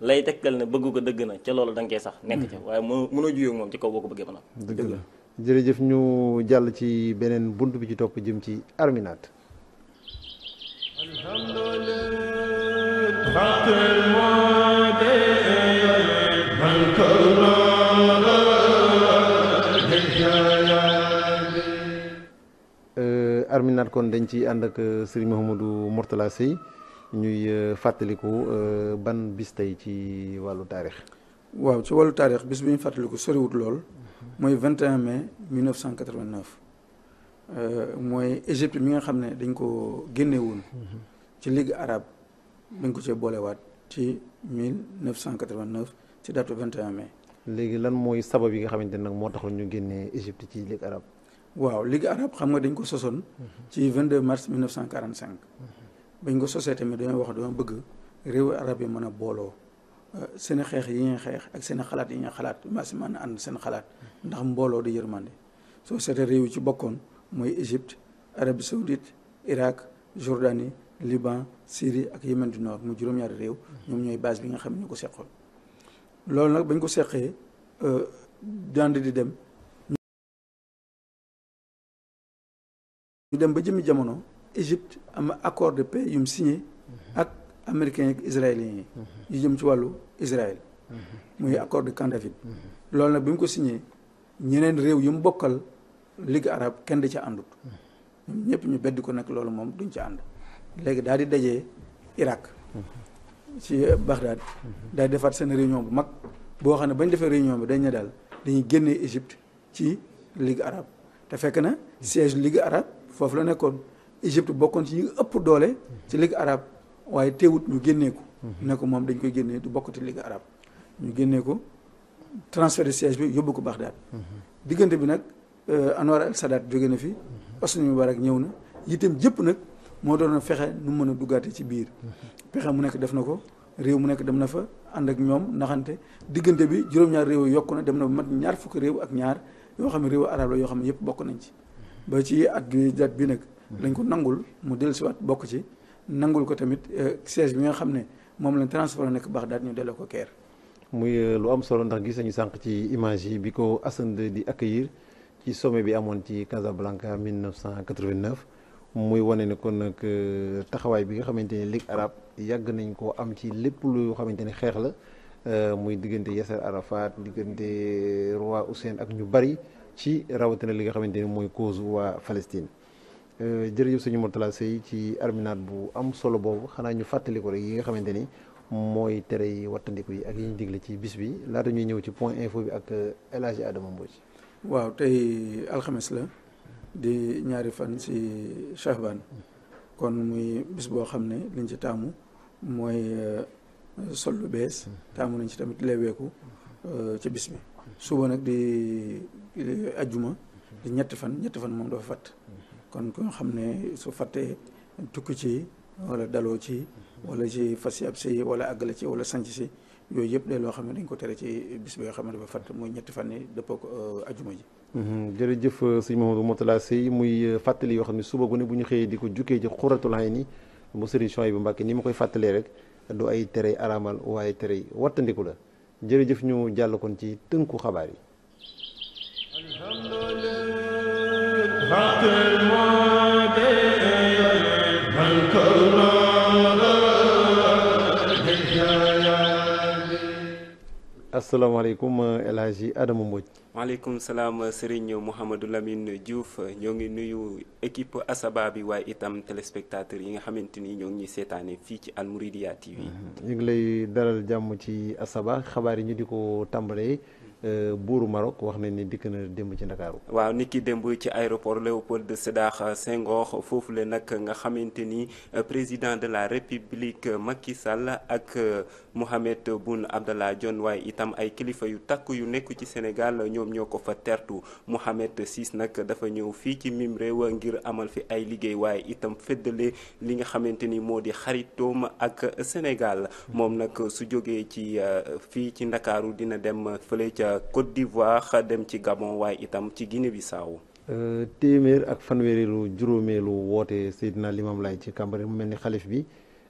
lay tekkal ne bëgg ko dëgg na ca loolu da koy sax nekk ca mhm. waaye mënoo mënoo juyoo moom ci kaw boo ko bëggee mën a dëgg la jërëjëf ñu jàll ci beneen bunt bi ci topp jëm ci arminaat arminat kon dañ ci ànd ak euh, Serigne Mouhamadou Mourtala Sey ñuy euh, fàttaliku euh, ban bis tey ci wàllu taarix. waaw ci wàllu taarix bis bi ñu fàttaliku soriwut lool mm-hmm. mooy 21 mai 1989 mooy Égypte mi nga xam ne dañ ko génne woon mm-hmm. ci ligue arabe dañ ko cee boolewaat ci 1989 ci date 21 mai. léegi lan mooy sabab yi nga xamante nag moo taxoon ñu génnee Égypte ci ligue arabe. waaw ligue arabe xam nga dañ ko sosoon ci 22 mars 1945 bañ ko sosee tamit dañoo wax dama bëgg réew arab yi mën a booloo euh, seen xeex yi ñuy xeex ak seen xalaat yi ñuy xalaat mas mën a ànd seen xalaat ndax mbooloo di yërmande soo seetee réew yi ci bokkoon mooy Égypte Arabie Saoudite Irak Jordanie Liban Syrie ak Yémen du Nord mu juróom-ñaari réew ñoom ñooy base bi nga xam ne ñoo ko seqoon loolu nag bañ ko seqee euh, dand di dem ñu dem ba jëmmi jamono Égypte am accord de paix yum mu mhm. ak américains ak israéliens yi mhm. yu jëm ci wàllu Israël mhm. muy accord de Camp David loolu nag bi ko signé ñeneen réew yu mu bokkal ligue arabe kenn da ca àndut ñoom ñu bedd ko nag loolu moom duñ ci ànd léegi daal di dajee Irak ci Bagdad daal di defaat seen réunion bu mag boo xam ne bañ defee réunion bi dañ ne daal dañuy génnee Égypte ci ligue arabe te fekk na siège ligue arabe foofu la nekkoon Égypte bokkoon ci ñu ëpp doole ci ligue arabe waaye teewut ñu génnee ko ne ko moom dañ koy génnee du bokk ci ligue ñu génnee ko transfert de siège bi yóbbu ko baax Bagdad diggante bi nag euh, Anwar El Sadat jóge na fi Hosni Moubarak ñëw na itam jëpp nag moo doon fexe nu mën a duggaate ci biir pexe mu nekk def na ko réew mu nekk dem na fa ànd ak ñoom naxante diggante bi juróom-ñaar réew yokku na dem na ba mat ñaar fukki réew ak ñaar yoo xam ne réew arab yoo xam ne yëpp bokk nañ ci ba ci at bi dat bi nag lañ ko nangul mu dellusiwaat bokk ci nangul ko tamit euh, siège bi nga xam ne moom lañ transféré nekk baax daal ñu delloo ko keer muy euh, lu am solo ndax gis nañu sànq ci image yi bi ko Assane di accueillir ci sommet bi amoon ci Casablanca 1989 muy wane ne kon nag euh, taxawaay bi nga xamante ne Ligue arab yàgg nañ ko am ci lépp lu xamante ne xeex la muy diggante Yasser Arafat diggante roi Hussein ak ñu bari ci rawatina li nga xamante ni mooy cause waa Palestine euh, jërëjëf sëñ Mourtala Seye ci arminaat bu am solo boobu xanaa ñu fàttali ko rek yi nga xamante ni mooy tere yi wattandiku yi ak yi ñu digle ci bis bi laata ñuy ñëw ci point info bi ak euh, El Hadj Adama Mbodj waaw tey alxames la di ñaari fan si Shahban kon muy bis boo xam ne liñ ci taamu mooy euh, sol lu bees mm-hmm. taamu nañ ci tamit leweeku ci bis bi suba nag di Euh, ajjuma ñetti fan ñetti fan moom doo fatt kon ku nga xam ne tukki ci wala daloo ci wala ci fas ab wala àggale ci wala sanc si yooyu yëpp de loo xam ne dañ ko tere ci bis bi nga xam ne dafa fatt fan yi dëppoo ko euh, ajuma ji mhm. jërëjëf euh, sëñ Mamadou Moutalla Seye muy fàttali yoo xam suba gu ne bu ñu xëyee di ko jukkee ci xuratul ayni mu sëriñ Chouaïb bu ni ma koy fàttalee rek du ay tere araamal waaye tere wattandiku la jërëjëf ñu jàll kon ci tënku xabaar yi Assalamualaikum El Hadji Adama Mbodj. maaleykum salaam Serigne Mouhamadou Lamine Diouf ñoo ngi nuyu équipe Asaba bi waaye itam téléspectateurs yi nga xamante ni ñoo ngi seetaane fii ci Al TV. ñu ngi lay dalal jàmm ci Asaba xabaar yi ñu di ko tàmbalee. Euh, buuru Maroc wax na ni dikk na démb ci Ndakaaru waaw nit ki démb ci aéroport Léopold Sédar Senghor foofu le nag nga xamante ni euh, président de la république Macky Sall ak euh, Mohamed bun Abdallah Dionne waaye itam ay kilifa yu takk yu nekk ci Sénégal ñoom ñoo ko fa tertu Mohamed Sis nag dafa ñëw fii ci mim réew ngir amal fi ay liggéey waaye itam féddale li nga xamante ni moo di xaritoom ak Sénégal mm-hmm. moom nag su jógee ci fii ci Ndakaaru dina dem fële ca ca euh, Côte d'Ivoire dem ci Gabon waaye itam ci Guinée Bissau euh, téeméer ak fanweereelu juróomeelu woote Seydina Limam Laye ci kambari mu mel ni xalif bi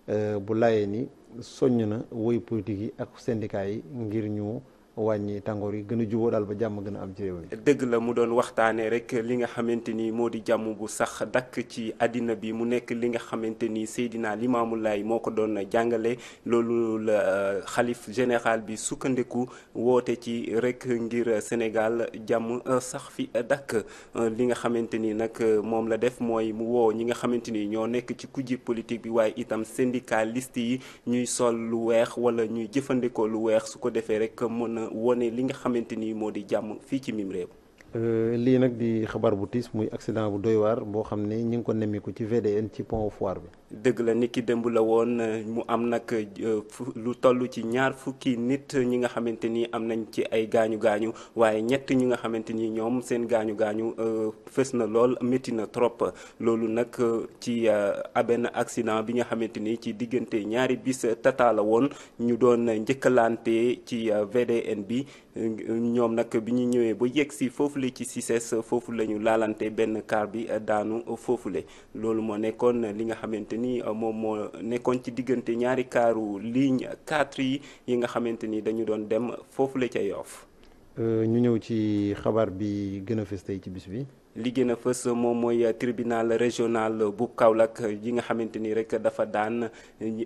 euh, bu laayee ni soññ na woy politique yi ak syndicat yi ngir ñu wàññi tàngoor yi gën a juboo daal ba jàmm gën a am ci réew mi dëgg la mu doon waxtaanee rek li nga xamante ni moo di jàmm bu sax dakk ci àddina bi mu nekk li nga xamante ni Seydina Limaamu Laay moo ko doon jàngale loolu la euh, xalif général bi sukkandiku woote ci rek ngir Sénégal jàmm euh, sax fi dakk euh, li nga xamante ni nag moom la def mooy mu woo ñi nga xamante ni ñoo nekk ci kujje politique bi waaye itam syndicaliste yi ñuy sol lu weex wala ñuy jëfandikoo lu weex su ko defee rek mën a a wone li nga xamante ni moo di jàmm fii ci mim réew. Euh, lii nag di xabaar bu tiis muy accident bu doy waar boo xam ne ñi ngi ko nemmiku ci VDN ci pont foir bi. dëgg la ni ki démb la woon euh, mu am nag euh, lu toll ci ñaar fukki nit ñi nga xamante ni am nañ ci ay gaañu gaañu waaye ñett ñi nga xamante ni ñoom seen gaañu gaañu euh, fës na lool métti na trop loolu nag ci abenn accident bi nga xamante ni ci diggante ñaari bis tata woon ñu doon njëkkalante ci VDN bi ñoom nag bi ñu ñëwee ba yegg si foofu la foofu la ñu laalante benn car bi daanu foofule loolu moo nekkoon li nga xamante ni euh, moom moo nekkoon ci diggante ñaari kaaru ligne 4 yi yi nga xamante ni dañu doon dem foofu la ca Yoff euh, ñu ñëw ci xabaar bi gën a tey ci bis bi. li na a moom mooy tribinal régional bu Kaolack yi nga xamante ni rek dafa daan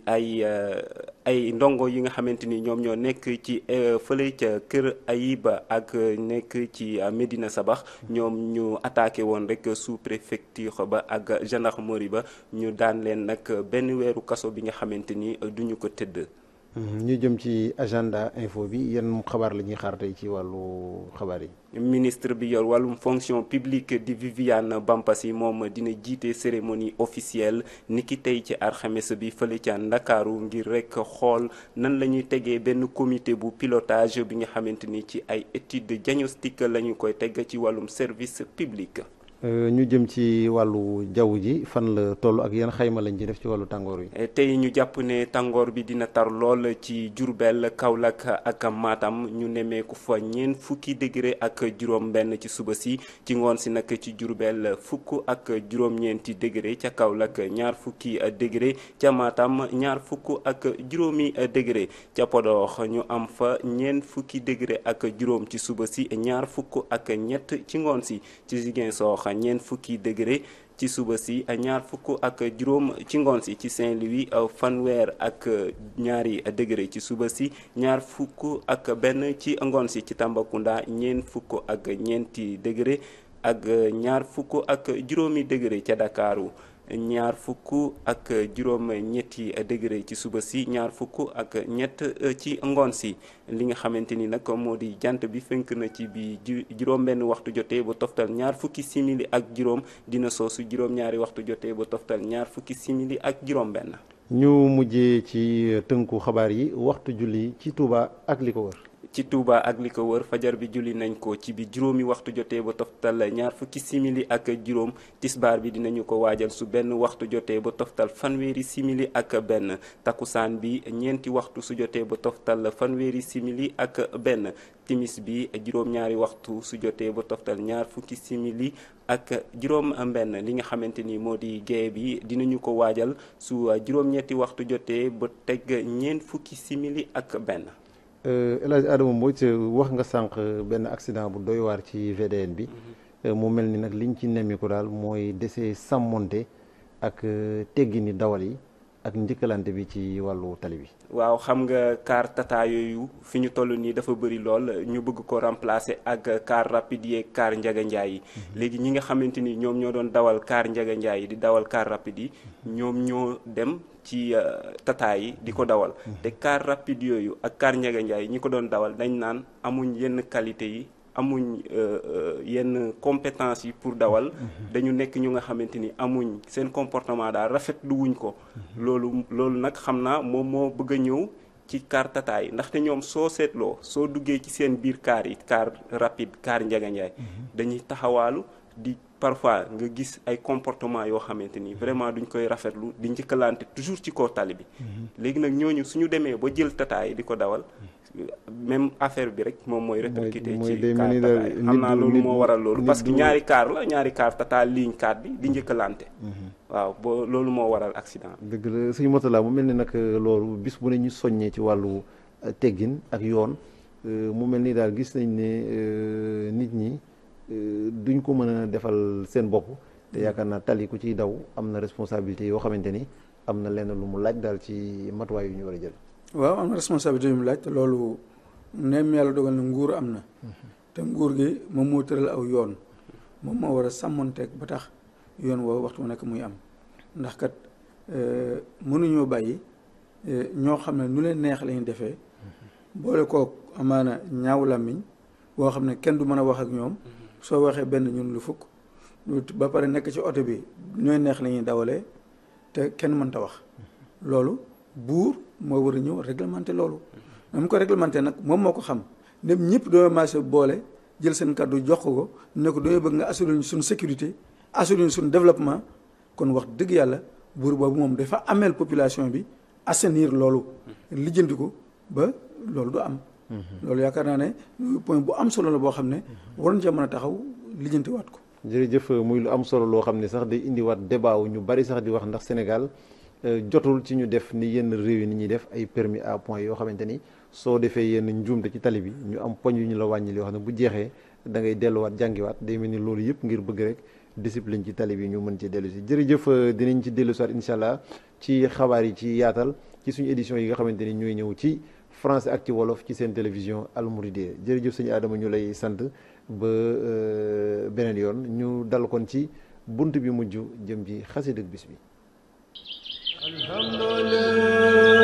ay euh, ay ndongo yi nga xamante ni ñoom ñoo nekk ci euh, fële ca Kër Ayiba ak nekk ci Médina Sabax ñoom ñu attaqué woon rek sous préfecture ba ak gendarmerie ba ñu daan leen nag benn weeru kaso bi nga xamante ni duñu ko tëdd Mhm. ñu jëm ci agenda info bi yan xabaar la ñuy xaar tey ci wàllu xabaar yi. ministre bi yor wàllum fonction publique di Viviane Bampasi moom dina jiite cérémonie officielle niki tey ci alxames bi fële ca Ndakaaru ngir rek xool nan la ñuy tegee benn comité bu pilotage bi nga xamante ni ci ay études diagnostic la ñu koy teg ci wàllum service publique Euh, ñu jëm ci wàllu jaww ji fan la toll ak yan xayma lañ ci def ci wàllu tàngoor wi. Eh, tey ñu jàpp ne tàngoor bi dina tar lool ci Diourbel Kaolack ak Matam ñu nemmeeku fa ñeent fukki degré ak juróom ci suba si ci ngoon si nag ci Diourbel fukk ak juróom-ñeenti degré ca Kaolack ñaar fukki degré ca Matam ñaar fukk ak juróomi degré ca Podor ñu am fa ñeent fukki degré ak juróom ci suba si ñaar fukk ak ñett ci ngoon si ci Ziguinchor. ñeent fukki degré ci suba si ñaar fukk ak juróom ci ngoon si ci Saint-Louis euh, fanweer ak euh, ñaari degré ci suba si ñaar fukk ak benn ci ngoon si ci Tambacounda ñeent fukk ak ñeenti degré ak euh, ñaar fukk ak juróomi degré ca Ndakaaru ñaar fukk ak juróom ñetti degré ci suba si ñaar fukk ak ñett euh, ci ngoon si li nga xamante ni nag moo di jant bi fenk na ci bi juróom benn waxtu jotee ba toftal ñaar fukki simili ak juróom dina soosu juróom ñaari waxtu jotee ba toftal ñaar fukki simili ak juróom benn ñu mujjee ci tënku xabaar yi waxtu julli ci Touba ak li ko wër ci Touba ak li ko wër fajar bi julli nañ ko ci bi juróomi waxtu jotee ba toftal ñaar fukki simili ak juróom tisbaar bi dinañu ko waajal su benn waxtu jotee ba toftal fanweeri simili ak benn takusaan bi ñeenti waxtu su jotee ba toftal fanweeri simili ak benn timis bi juróom-ñaari waxtu su jotee ba toftal ñaar fukki simili ak juróom mbenn li nga xamante ni moo di gée bi dinañu ko waajal su juróom-ñetti waxtu jote ba teg ñeent fukki simili ak benn Euh, El Hadj Adama Mbodj wax nga sànq euh, benn accident bu doy waar ci VDN bi mhm. mu mel ni nag liñ ci nemmiku daal mooy desee sàmmonte ak euh, teggi ni dawal yi ak njëkkalante bi ci wàllu tali bi. waaw xam nga car tata yooyu fi ñu toll nii dafa bëri lool ñu bëgg ko remplacer ak car rapide yeeg car njaganjaay yi. Mhm. léegi ñi nga xamante ni ñoom ñoo doon dawal car njaganjaay yi di dawal car rapide yi mhm. ñoom ñoo dem. ci euh, tata yi di ko dawal mhm. te car rapide yooyu ak car njaganjaay yi ñi ko doon dawal dañ naan amuñ yenn qualité yi amuñ euh, euh, yenn compétence yi pour dawal mhm. dañu nekk ñu nga xamante ni amuñ seen comportement daal rafet wuñ ko mhm. loolu loolu nag xam naa moom moo bëgg a ñëw ci car tataay ndaxte ñoom soo seetloo soo duggee ci seen biir car yi car rapide car njaganjaay mhm. dañuy taxawaalu di parfois nga gis ay comportement yoo xamante ni vraiment duñ koy rafetlu di njëkkalante toujours ci kaw tali bi léegi nag ñooñu suñu demee ba jël tataay di ko dawal même affaire bi rek moom mooy répercuté ci car xam naa loolu moo waral loolu parce que ñaari kaar la ñaari kaar tata ligne car bi di njëkkalante mhm. waaw boo loolu moo waral accident dëgg la suñu motala mu mel ni nag euh, loolu bis bu ne ñu soññee ci wàllu euh, teggin ak yoon euh, mu mel ni daal gis nañ ne nit ñi duñ ko mën a defal seen bopp te yaakaar naa tali ku ciy daw am na responsabilité yoo xamante ni am na lenn lu mu laaj daal ci matuwaay yu ñu war a jël waaw am na responsabilité yu mu laaj te loolu neem yàlla dogal na nguur am na te nguur gi moom moo tëral aw yoon moom moo war a sàmmonteeg ba tax yoon woo waxtu nekk muy am ndax kat euh, mënuñoo bàyyi euh, ñoo xam ne nu leen neex lañuy defee boole kook amaana ñaaw làmmiñ boo xam ne kenn du mën a wax ak ñoom soo waxee benn ñun lu fukk ba pare nekk ci oto bi ñooy neex lañuy dawale te kenn mënta wax loolu bour mo wara a réglementer lolu nam ko réglementer nak mom moko xam nem ñepp do marché bolé jël seen cadeau jox ko ne ko dañoo bëgg nga assurer ñu suñu sécurité assurer suñu développement kon wax deug yalla bour bobu mom dafa amel population bi assainir lolu lijjanti ko ba lolu du am lolu yakar na né point bu am solo la ham xamné ne waroon cee mën a taxaw lijjantiwaat ko jërëjëf muy lu am solo lo xamné ne sax day wat débat wu ñu bari sax di wax ndax Sénégal Euh, jotul ci ñu def ni yenn réew yi ni ñuy def ay permis à point yoo xamante ni soo defee yenn njuumte ci tali bi ñu am poñ yu ñu la wàññil yoo xam ne bu jeexee da ngay delluwaat jàngiwaat day ni loolu yëpp ngir bëgg rek discipline ci tali bi ñu mën ci dellu si jërëjëf euh, dinañ ci dellu si waat allah ci xabaar yi ci yaatal ci suñu édition yi nga xamante ni ñooy ñëw ci français ak ci wolof ci seen télévision Al Mouridiyyah jërëjëf suñu aadama ñu lay sant ba euh, beneen yoon ñu dal kon ci bunt bi mujj jëm ci xasida ak bis bi الحمد لله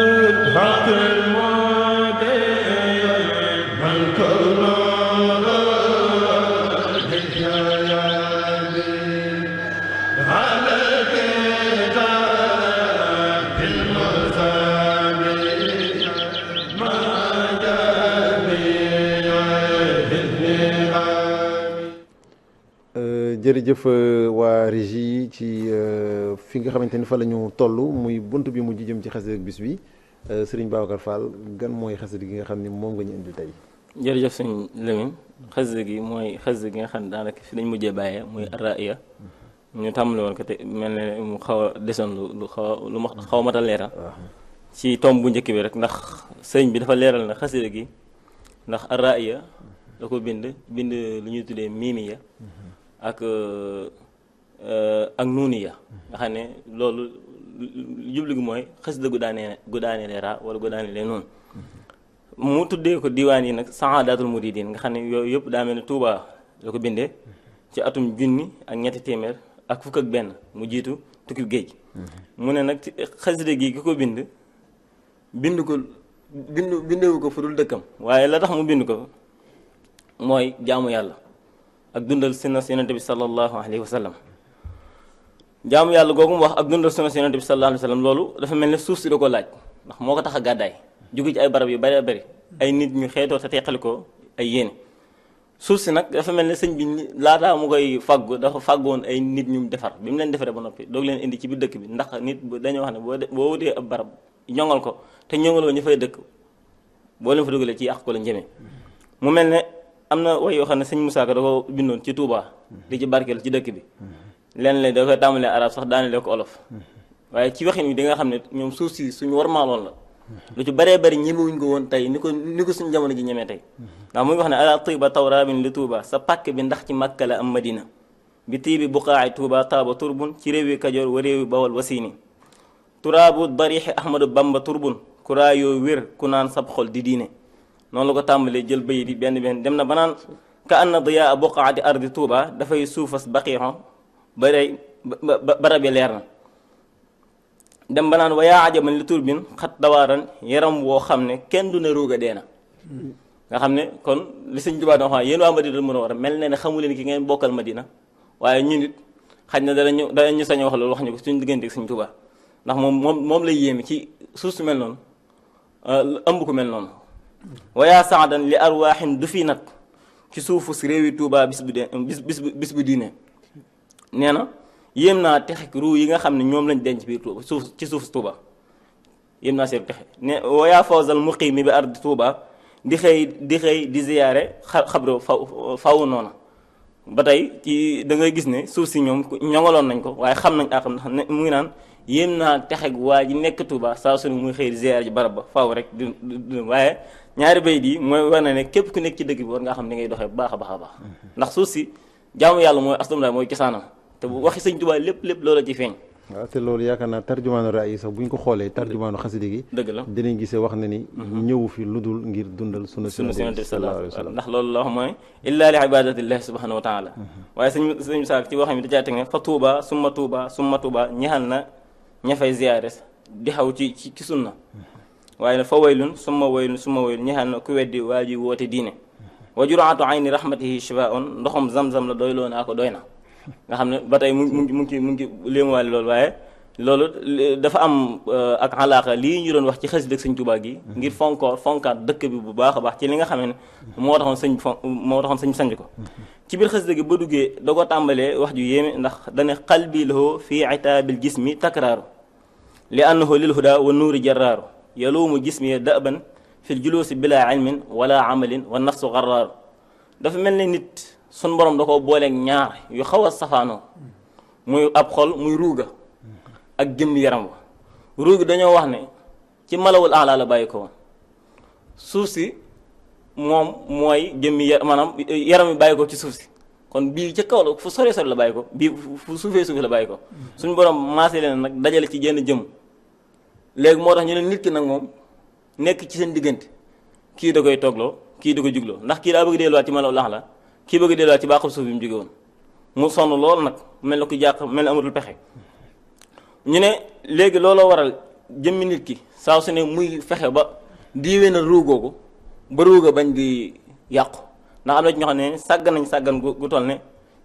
jërëjëf euh, waa régie ci euh, fi nga xamante ni fa la ñu toll muy bunt bi mujj jëm ci xasida bis bi euh, sëriñ Babacar Fall gan mooy xasida gi nga xam ni moom nga ñu indil tey. jërëjëf sëñ Lamine xasida gi mooy xasida gi nga xam ne daanaka fi lañ mujjee bàyyee muy Arraaya ñu tàmbali woon ko mel ne mu xaw a desoon lu lu xaw a lu ma xaw a mat a leeral ci tomb bu njëkk bi rek ndax sëñ bi dafa leeral na xasida gi ndax Arraaya da ko bind bind lu ñuy tuddee miimiya ak euh, ak nuuniya nga xam ne loolu jublu gi mooy xasida gu daanee gu daaneele ra wala gu daaneele noonu mu tuddee ko diwaan yi nag saxaadaatul muridin nga xam ne yooyu yëpp daa mel ne Tuubaa la ko bindee ci atum junni ak ñetti téeméer ak fukk ak benn mu jiitu tukki géej mu ne nag xasida gi ki ko bind bind ko bind bindewu ko fu dul dëkkam waaye la tax mu bind ko mooy jaamu yàlla ak dundal sunna si yonente bi sallallahu alayhi wa sallam jaamu yàlla googu mu wax ak dundal sunna si yonente bi sallallahu alayhi wa loolu dafa mel ne suuf si da ko laaj ndax moo ko tax a gàddaay jóge ci ay barab yu bari bari ay nit ñu xeetoo te teqali ko ay yéene suuf si nag dafa mel ne sëñ bi laataa mu koy fàggu dafa fàggoon ay nit ñu defar bi mu leen defaree ba noppi doog leen indi ci biir dëkk bi ndax nit dañoo wax ne boo boo wutee ab barab ñoŋal ko te ñoŋaloo ñu fay dëkk boo leen fa dugalee ci yàq ko la njëmee mu mel ne am na way yoo xam ne sëñ Moussa Ka da ko bindoon ci Touba di ci barke barkeel ci dëkk bi lenn la da koy tàmbalee arab sax daanale ko olof waaye ci waxin wi di nga xam ne ñoom suuf si suñu war warmaaloon la lu ci bëree bëri ñemewuñ ko woon tey ni ko ni ko suñu jamono ji ñemee tey ndax muy wax ne ala tiba tawraabin li Touba sa pàkk bi ndax ci Makka la am Madina bi tii bi buqaayi Touba taaba turbun ci réewi Kajoor wa réewi Bawol wasini turaabu barixi Ahmadu Bamba turbun kuraa yoo wér ku naan sab xol di diine non la ko tambale jël bayit yi ben benn dem na ba ka an diya buqaati ardi tuuba dafay suufas baqiixon ba day barab yi leer na dem banan wa yaa man liturbin khat dawaran yaram wo xamne ken du ne ruuga deena nga xamne kon li seigne djuba do xam yéen wa Madina mo a war mel ne xamul ni ki ngeen bokal Madina waye ñun it xaj na da ñu sañ wax loolu wax ñu ko suñu diggante seigne sëñ ndax mom mom lay yéeme ci suuf mel non euh ëmb ko mel non wayaa saadan li arwaaxin du fi nag ci suufu si réewi Touba bis bu dee bis bu diine nee na yéem naa texe ru yi nga xam ne ñoom lañ denc biir Touba suuf ci suuf Touba yéem naa seen texe ne wayaa fawzal muqiimi bi ardi Touba di xëy di xëy di ziyaare xa xabro faw faw noona ba tey ci dangay gis ne suuf si ñoom ñongaloon nañ ko waaye xam nañ àqam ndax ne mu ngi naan yéem naa texeg waa ji nekk Touba saa su muy xëy di ziyaare ji barab ba faw rek di waaye ñaari bayit di moy wone ne képp ku nekk ci dëkk bi war nga xam ni ngay doxee bu baax a baax a baax ndax suuf si jaamu yàlla mooy aslumlaay mooy cosaanam te bu waxi sëñ Tuubaa lépp lépp loola ci feeñ waaw te loolu yaakaar naa tarjumaanu raay sax bu ko xoolee tarjumaanu xasidi gi dëgg la dinañ gisee wax na ni ñëwu fi ludul ngir dundal sunna sunna yonent sallallahu alayhi wa ndax loolu la wax mooy illa li ibadati llahi subhanahu wa taala waaye sëñ sëñ saak ci waxam mi dajaa teg ne fa tuuba summa tuuba summa tuuba ñaxal na ñafay fay ziyaare di xaw ci ci sunna waaye fa waylun summa waylun summa waylun ñexal na ku weddi waa ji woote diine wa juraatu ayni rahmatihi shifaun ndoxam zam-zam la doyloo naa ko doy na nga xam ne ba tey mu ngi mu ngi mu ngi léemuwaale loolu waaye loolu dafa am ak alaaka lii ñu doon wax ci xasida sëñ Tuubaa gi ngir fonkoor fonkaat dëkk bi bu baax a baax ci li nga xamee ne moo taxoon sëñ fon moo taxoon sëñ sanj ko ci biir xasida gi ba duggee da ko tàmbalee wax ju yéeme ndax dane qalbi lahu fi itaabil jismi takraaru li annahu lil huda wa nuuri jarraaru يلوم جسمي دأبا في الجلوس بلا علم ولا عمل والنفس غرار dafa mel ni nit sun borom da koo booleeg ñaar yu xaw a safaanoo muy ab xol muy ruuga ak jëmm yaram wa ruugi dañoo wax ne ci malawul ala la bàyyi ko woon suuf si moom mooy jëmmi maanaam yaram yi bàyyi ko ci suuf si kon bii ca kaw la fu sore sore la bàyyi ko bii fu suufee suuf la bàyyi ko suñ borom maasee leen nag dajale ci jenn jëmm léegi moo tax ñu ne nit ki nag moom nekk ci seen diggante kii da koy toogloo kii da koy jugloo ndax kii daa bëgg delluwaat ci malaw lax la kii bëgg delluwaat ci baaxul suuf bi mu jóge woon mu sonn lool nag mel na ku jàq mel na amatul pexe ñu ne léegi looloo waral jëmmi nit ki saa su ne muy fexe ba diiwee na ruugoogu ba ruuga bañ di yàqu ndax am na ci ñoo xam ne sàggan nañ sàggan gu toll ne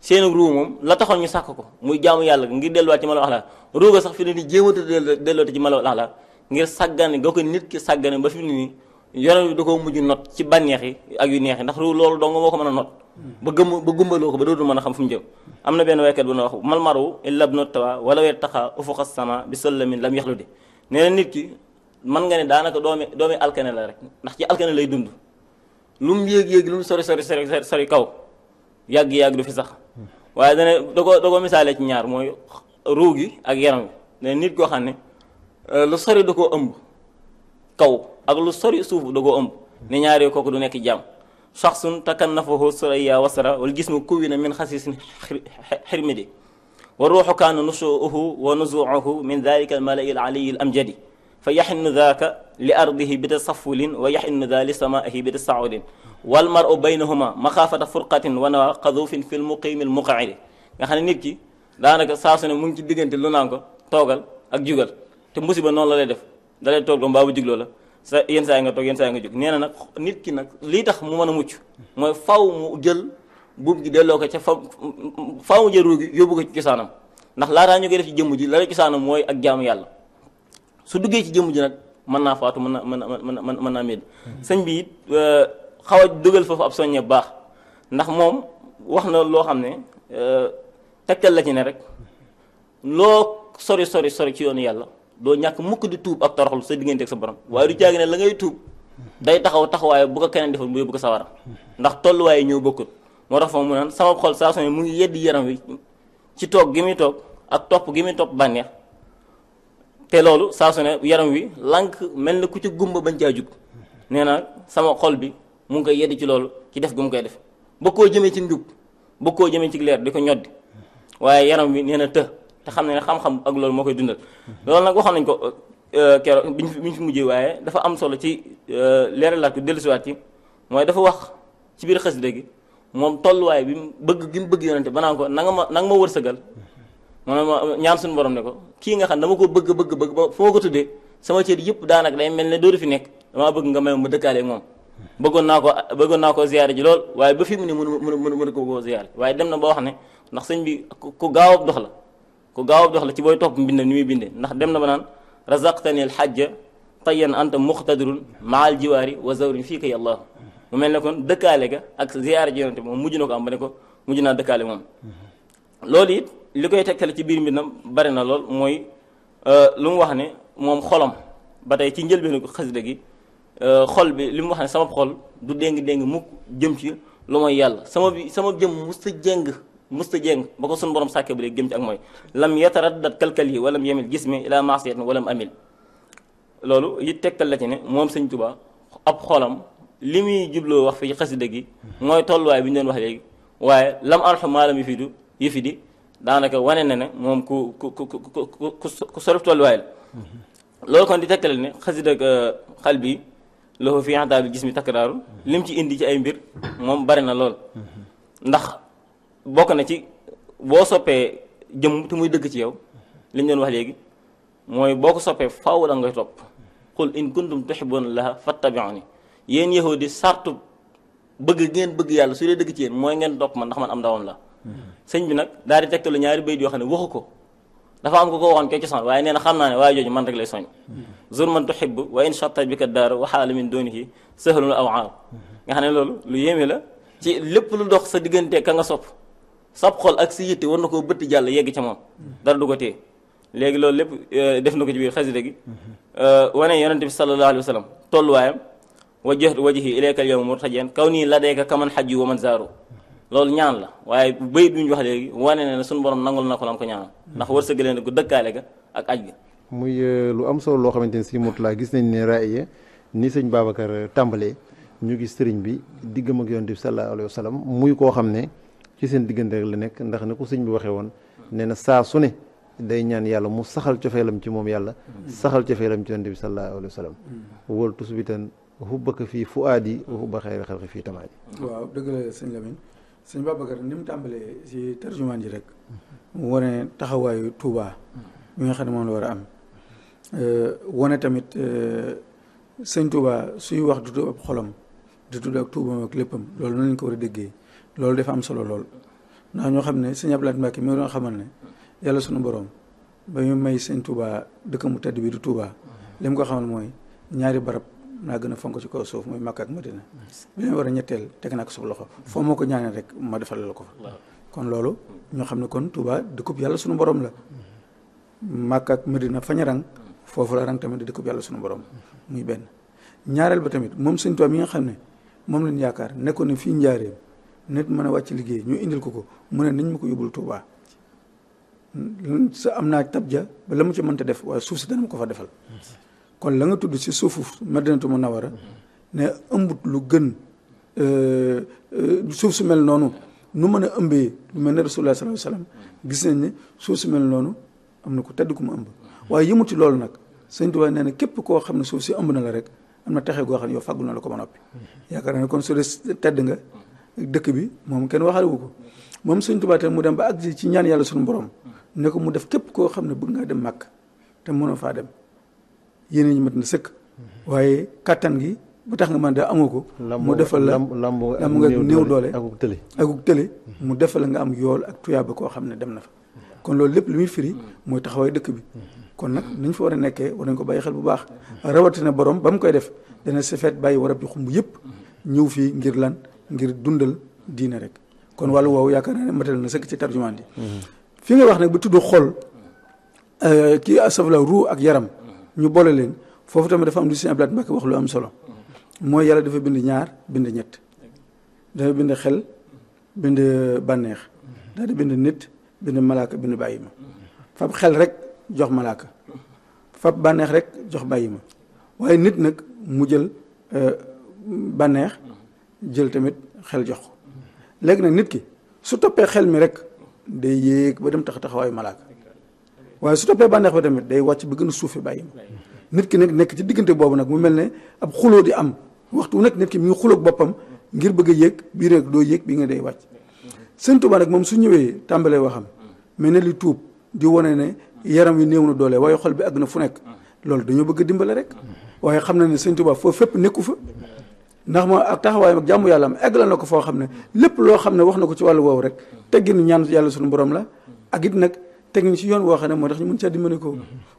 seen ruu moom la taxoon ñu sàkk ko muy jaamu yàlla ngir delluwaat ci malawal axla ruu ga sax fi ne ni jéemata delluwaat ci malawal axla ngir sàggane nga ko nit ki sàggane ba fi mu ne nii yonent bi da koo mujj not ci bànneex yi ak yu neex yi ndax ruu loolu dong moo ko mën a not ba gëm ba gumbaloo ko ba du mën a xam fu mu jëm am na benn waykat bu na wax mal maru illa ibnu tawa wala wet taxa ufuqa sama bi sallamin lam yaxludi di na nit ki mën nga ne daanaka doomi doomi alkane la rek ndax ci alkane lay dund lu mu yéeg-yéeg lu mu sori sori kaw yàgg-yàgg du fi sax waaye dana da ko da ko misaale ci ñaar mooy ruu gi ak yaram ne nit koo xam ne lu sori da koo ëmb kaw ak lu sori suuf da koo ëmb ne ñaari kooku du nekk jàmm shaxsun takannafahu suraya wasara wal gismu kuwina min xasisin xirmidi wa ruuxu kaana nusuuhu wa nuzuuhu min dalika almalai alaliyi al amjadi fa yaxinnu daaka li ardihi bi tasafulin wa yaxinnu daa li samaahi bi tasaudin wal mar'u baynahuma makhafata furqatin wa nawa fil muqimil muq'id nga xam nit ki daanaka saa su ne mu ngi ci diggante lu naan ko toogal ak jugal te musiba non la lay def da lay toog doom baabu la sa yeen saa nga tok yeen saa nga jug neena nak nit ki nak li tax mu meuna muccu moy mooy faw mu jël buub gi delo ko ci faw jël ci kisanam ndax ra ñu ci la ak jaamu yalla su duggé ci ji faatu man na man na man na bi euh, xawa dugal foofu ab soñe bax ndax mom waxna lo xamne euh ne la ci ne rek lo sori sori sori ci yoonu yalla do ñak mukk di tuub ak toroxlu sa diggante ak sa borom waaye du jaagne la ngay tuub day taxaw taxaway bu ko kenen defal mu yóbbu ko sawara ndax tolluwaay ñoo bokkut moo tax foofu mu nan sama xol sa soñe mu ngi yedd yaram wi ci tok gi mi tok ak top gi mi top banex té lolu sa soñe yaram wi lank melni ku ci gumba bañ caa jug nee sama xol bi mu ngi koy yedd ci loolu ci def gu mu koy def ba koo jëmee ci njub ba koo jëmee ci leer di ko ñoddi waaye yaram wi nee na të te xam ne ne xam-xam ak loolu moo koy dundal loolu nag waxoon nañ ko euh, keroog biñ biñ fi mujjee waaye dafa am solo ci euh, leeralaat ko dellusiwaat ci mooy dafa wax ci biir xasida gi moom tolluwaay bi mu bëgg gi mu bëgg yonente ba naan ko na nga ma na nga ma wërsëgal sëgal ne ma ñaan suñu borom ne ko kii nga xam dama ko bëgg bëgg bëgg ba fu ma ko tuddee sama cër yëpp daanaka day mel ne dootu fi nekk damaa bëgg nga may ma moom bëggoon naa ko bëggoon naa ko ziyaare ji lool waaye ba fi mu ne mënu mënu mënu ko koo ziyaare waaye dem na ba wax ne ndax sëñ bi ku gaaw dox la ku gaaw dox la ci booy topp mbind ni muy binde ndax dem na ba naan razaqtani alxajja tayyan anta muqtadirun maal jiwaari wa zawrin fii kay allahu mu mel ne kon dëkkaale ga ak ziyaare ji yonante moom mujj na ko am ba ne ko mujj naa dëkkaale moom loolu it li koy tegtale ci biir mbindam bari na lool mooy lu mu wax ne moom xolam ba tey ci njëlbeenu xasida gi xol bi li mu wax ne sama xol du déng-déng mukk jëm ci lu mooy yàlla sama bi sama jëm musta jéng musta jéng ba ko sun borom sàkke bi jëm ci ak mooy lam yataraddad kalkal yi walam yemil jismi ila maasiyatin walam amil loolu it tegtal la ci ne moom sëñ Tuubaa ab xolam li muy jubloo wax fi xasida gi mooy tolluwaay bi ñu doon wax léegi waaye lam arxu maalam yi fi du yi fi di daanaka wane na ne moom ku ku ku ku ku ku sorif tolluwaay la loolu kon di tegtale ne xasida xal bi loxo fi entaat gis mi takk takkaraaru lim ci indi ci ay mbir moom bari na lool ndax bokk na ci boo soppee jëm te muy dëgg ci yow li ñu doon wax léegi mooy boo ko soppee faw la ngay topp qul in kuntum tuhibbuna llaha fattabi'uni yéen di sartu bëgg ngeen bëgg yàlla su dee dëgg ci yenn mooy ngeen topp man ndax man am ndawam la hmm. sëñ bi nag daal di tegtalu ñaari bayit yoo xam ne waxu ko dafa am ko ko waxoon kay ci son waaye nee na xam naa ne waaye jooju man rek lay soñ zur man tuhibbu wa in chattat bi ka daara waxaala min doonihi sahlun aw aal nga xam ne loolu lu yéeme la ci lépp lu dox sa diggante ka nga sopp sab xol ak si yitte war na koo bëtt jàll yegg ca moom dara du ko téye léegi loolu lépp def na ko ci biir xasida gi wane yonente bi sallallahu alayhi wa sallam tolluwaayam wajjahtu wajhi ilayka al yawma murtajian kaw nii la dayka kaman xajju wa man zaaru loolu ñaan la waaye bay bi ñu wax léegi wane na ne suñu borom nangul na ko lan ko ñaanal ndax wërsëgaleen gu dëkkaale ga ak aj ga muy euh, lu am solo loo xamante ne si laa gis nañ ne raaya ni sëñ Babacar euh, tàmbalee ñu gis sëriñ bi diggam ak yonent bi sallallahu alayhi wa muy koo xam ne ci seen diggante rek la nekk ndax ne ko sëñ bi waxee woon nee na saa su ne day ñaan yàlla mu saxal cofeelam ci moom yàlla saxal cofeelam ci yonent bi sallallahu alayhi wa sallam wal tusbitan hubbaka fii fuaadi wa hubba xayri xalqi sëñ Babacar ni mu tàmbalee si tarjumaan ji rek mu wane taxawaayu Touba mi nga xam ne moom la war a am euh, wane tamit euh, sëñ Touba suy wax du tudd xolom xolam du tudd ak Touba ak léppam loolu noonu lañ ko war a déggee loolu dafa am solo lool ndax ñoo xam ne sëñ Abdou Lahad Mbacké mi doon xamal ne yàlla sunu borom ba ñu may sëñ Touba dëkk mu tedd bi du Touba li ko xamal mooy ñaari barab na gëna fonk ci ko suuf muy makka ak madina bi ma war a ñetteel teg loxo fo moko ñaané rek ma defal la ko kon lolu ñu xamne kon tuba de coupe yalla suñu borom la makka ak madina fañ rang fofu la rang tamit de coupe yalla suñu borom muy ben ñaaral ba tamit mom señ tuuba mi nga xamne mom lañu yaakar ne ko ne fi ñaaré nit mëna wacc ñu indil ko ko mu nañ ma ko sa amna tabja ba lamu ci mënta def wa suuf ci dana ko fa defal kon la nga tudd si suuf ci suufu Madinatu Munawara ne ëmbut lu gën euh, euh, suuf su mel noonu nu mën a ëmbee lu mel na Rasulullah sallallahu alayhi wasallam gis nañ ni suuf su mel noonu am na ko tedd ku mu ëmb waaye yëmu ci loolu nag Sëñ Tuubaa nee na képp koo xam ne suuf si ëmb na la rek am na taxe goo xam ne yow fàggul na la ko ba noppi yaakaar kon su tedd nga dëkk bi moom kenn waxalewu ko moom Sëñ Tuubaa mu dem ba ak ci ñaan yàlla suñu borom ne ko mu def képp koo xam ne bugg ngaa dem màkk te mënoo faa dem yéene ñu mat na sëkk waaye kàttan gi bu tax nga mën da amoo ko mu defal la lambo nga néew doole akuk tële akuk tële mu defal nga am yool ak tuyaaba koo xam ne dem na fa kon loolu lépp lu muy firi mooy taxawaay dëkk bi kon nag nañ fa war a nekkee war nañ ko bàyyi xel bu baax rawatina borom ba mu koy def dana sefeet bàyyi warab bi xumb yëpp ñëw fii ngir lan ngir dundal diine rek kon wàllu woowu yaakaar naa ne matal na sëkk ci tarjumaan yi mm-hmm. fi nga wax nag bu tudd xol euh, kii asafla ruu ak yaram ñu boole leen foofu tamit dafa am lu Sëñ Abdou Lahad Mbacke wax lu am solo mooy yàlla dafa bind ñaar bind ñett dafa bind xel bind bànneex daal bind nit bind malaaka bind bàyyi ma fab xel rek jox malaaka fab bànneex rek jox bàyyi ma waaye nit nag mu jël euh, bànneex jël tamit xel jox ko léegi nag nit ki su toppee xel mi rek day yéeg ba dem tax taxawaayu malaaka waaye su toppee bànneex ba tamit day wàcc ba gën suuf suufe bàyyi ma nit ki nag nekk ci diggante boobu nag mu mel ne ab xuloo di am waxtu nekk nit ki mu ngi xuloog boppam ngir bëgg a yéeg bii rek doo yéeg bii nga day wàcc sëñ Tuubaa nag moom su ñëwee tàmbalee waxam mel ne li tuub di wane ne yaram wi néew na doole waaye xol bi àgg na fu nekk loolu dañoo bëgg a dimbale rek waaye xam na ne sëñ Tuubaa foofu fépp nekku fa ndax ma ak taxawaayam ak jàmm yàlla am na ko foo xam ne lépp loo xam ne wax na ko ci wàllu woowu rek teggin ñaan yàlla suñu borom la ak it technique si yoon woo xam ne moo tax ñu mun cee dimbali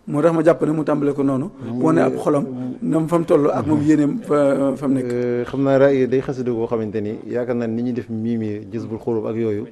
moo tax ma jàpp mu tàmbale ko noonu wane ab xolam nam fa mu toll ak moom yéeneem fa fa mu nekk euh, xam naa raay day xasida koo xamante ni yaakaar naa ni ñuy def miimee gis bul ak yooyu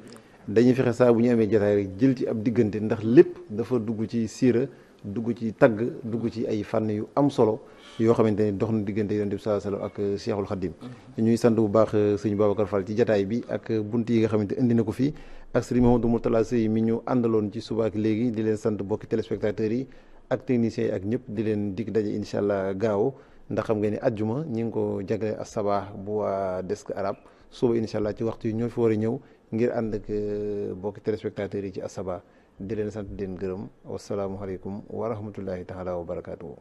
dañuy fexe saa bu ñu amee jataay rek jël ci ab diggante ndax lépp dafa dugg ci siira dugg ci tagg dugg ci ay fànn yu am solo yoo xamante ni dox na diggante yoon bi sallallahu alayhi ak Cheikhul euh, Khadim ñuy sant bu baax euh, sëñ Babacar Fall ci jataay bi ak bunt yi nga xamante indi na ko fii ak Serigne Mouhamadou Mourtala Seye mi ñu àndaloon ci suba ak léegi di leen sant bokki téléspectateurs yi ak techniciens yi ak ñëpp di leen dig daje incha allah gaaw ndax xam nga ni ajjuma ñi ngi ko jagle as sabaax bu waa desk arab suba incha allah ci waxtu yi ñoo fi war ñëw ngir ànd ak euh, bokki téléspectateurs yi ci assaba di leen sant di gërëm wasalaamualeykum wa rahmatullahi taala wa barakaatu.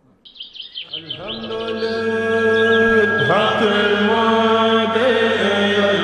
الحمد لله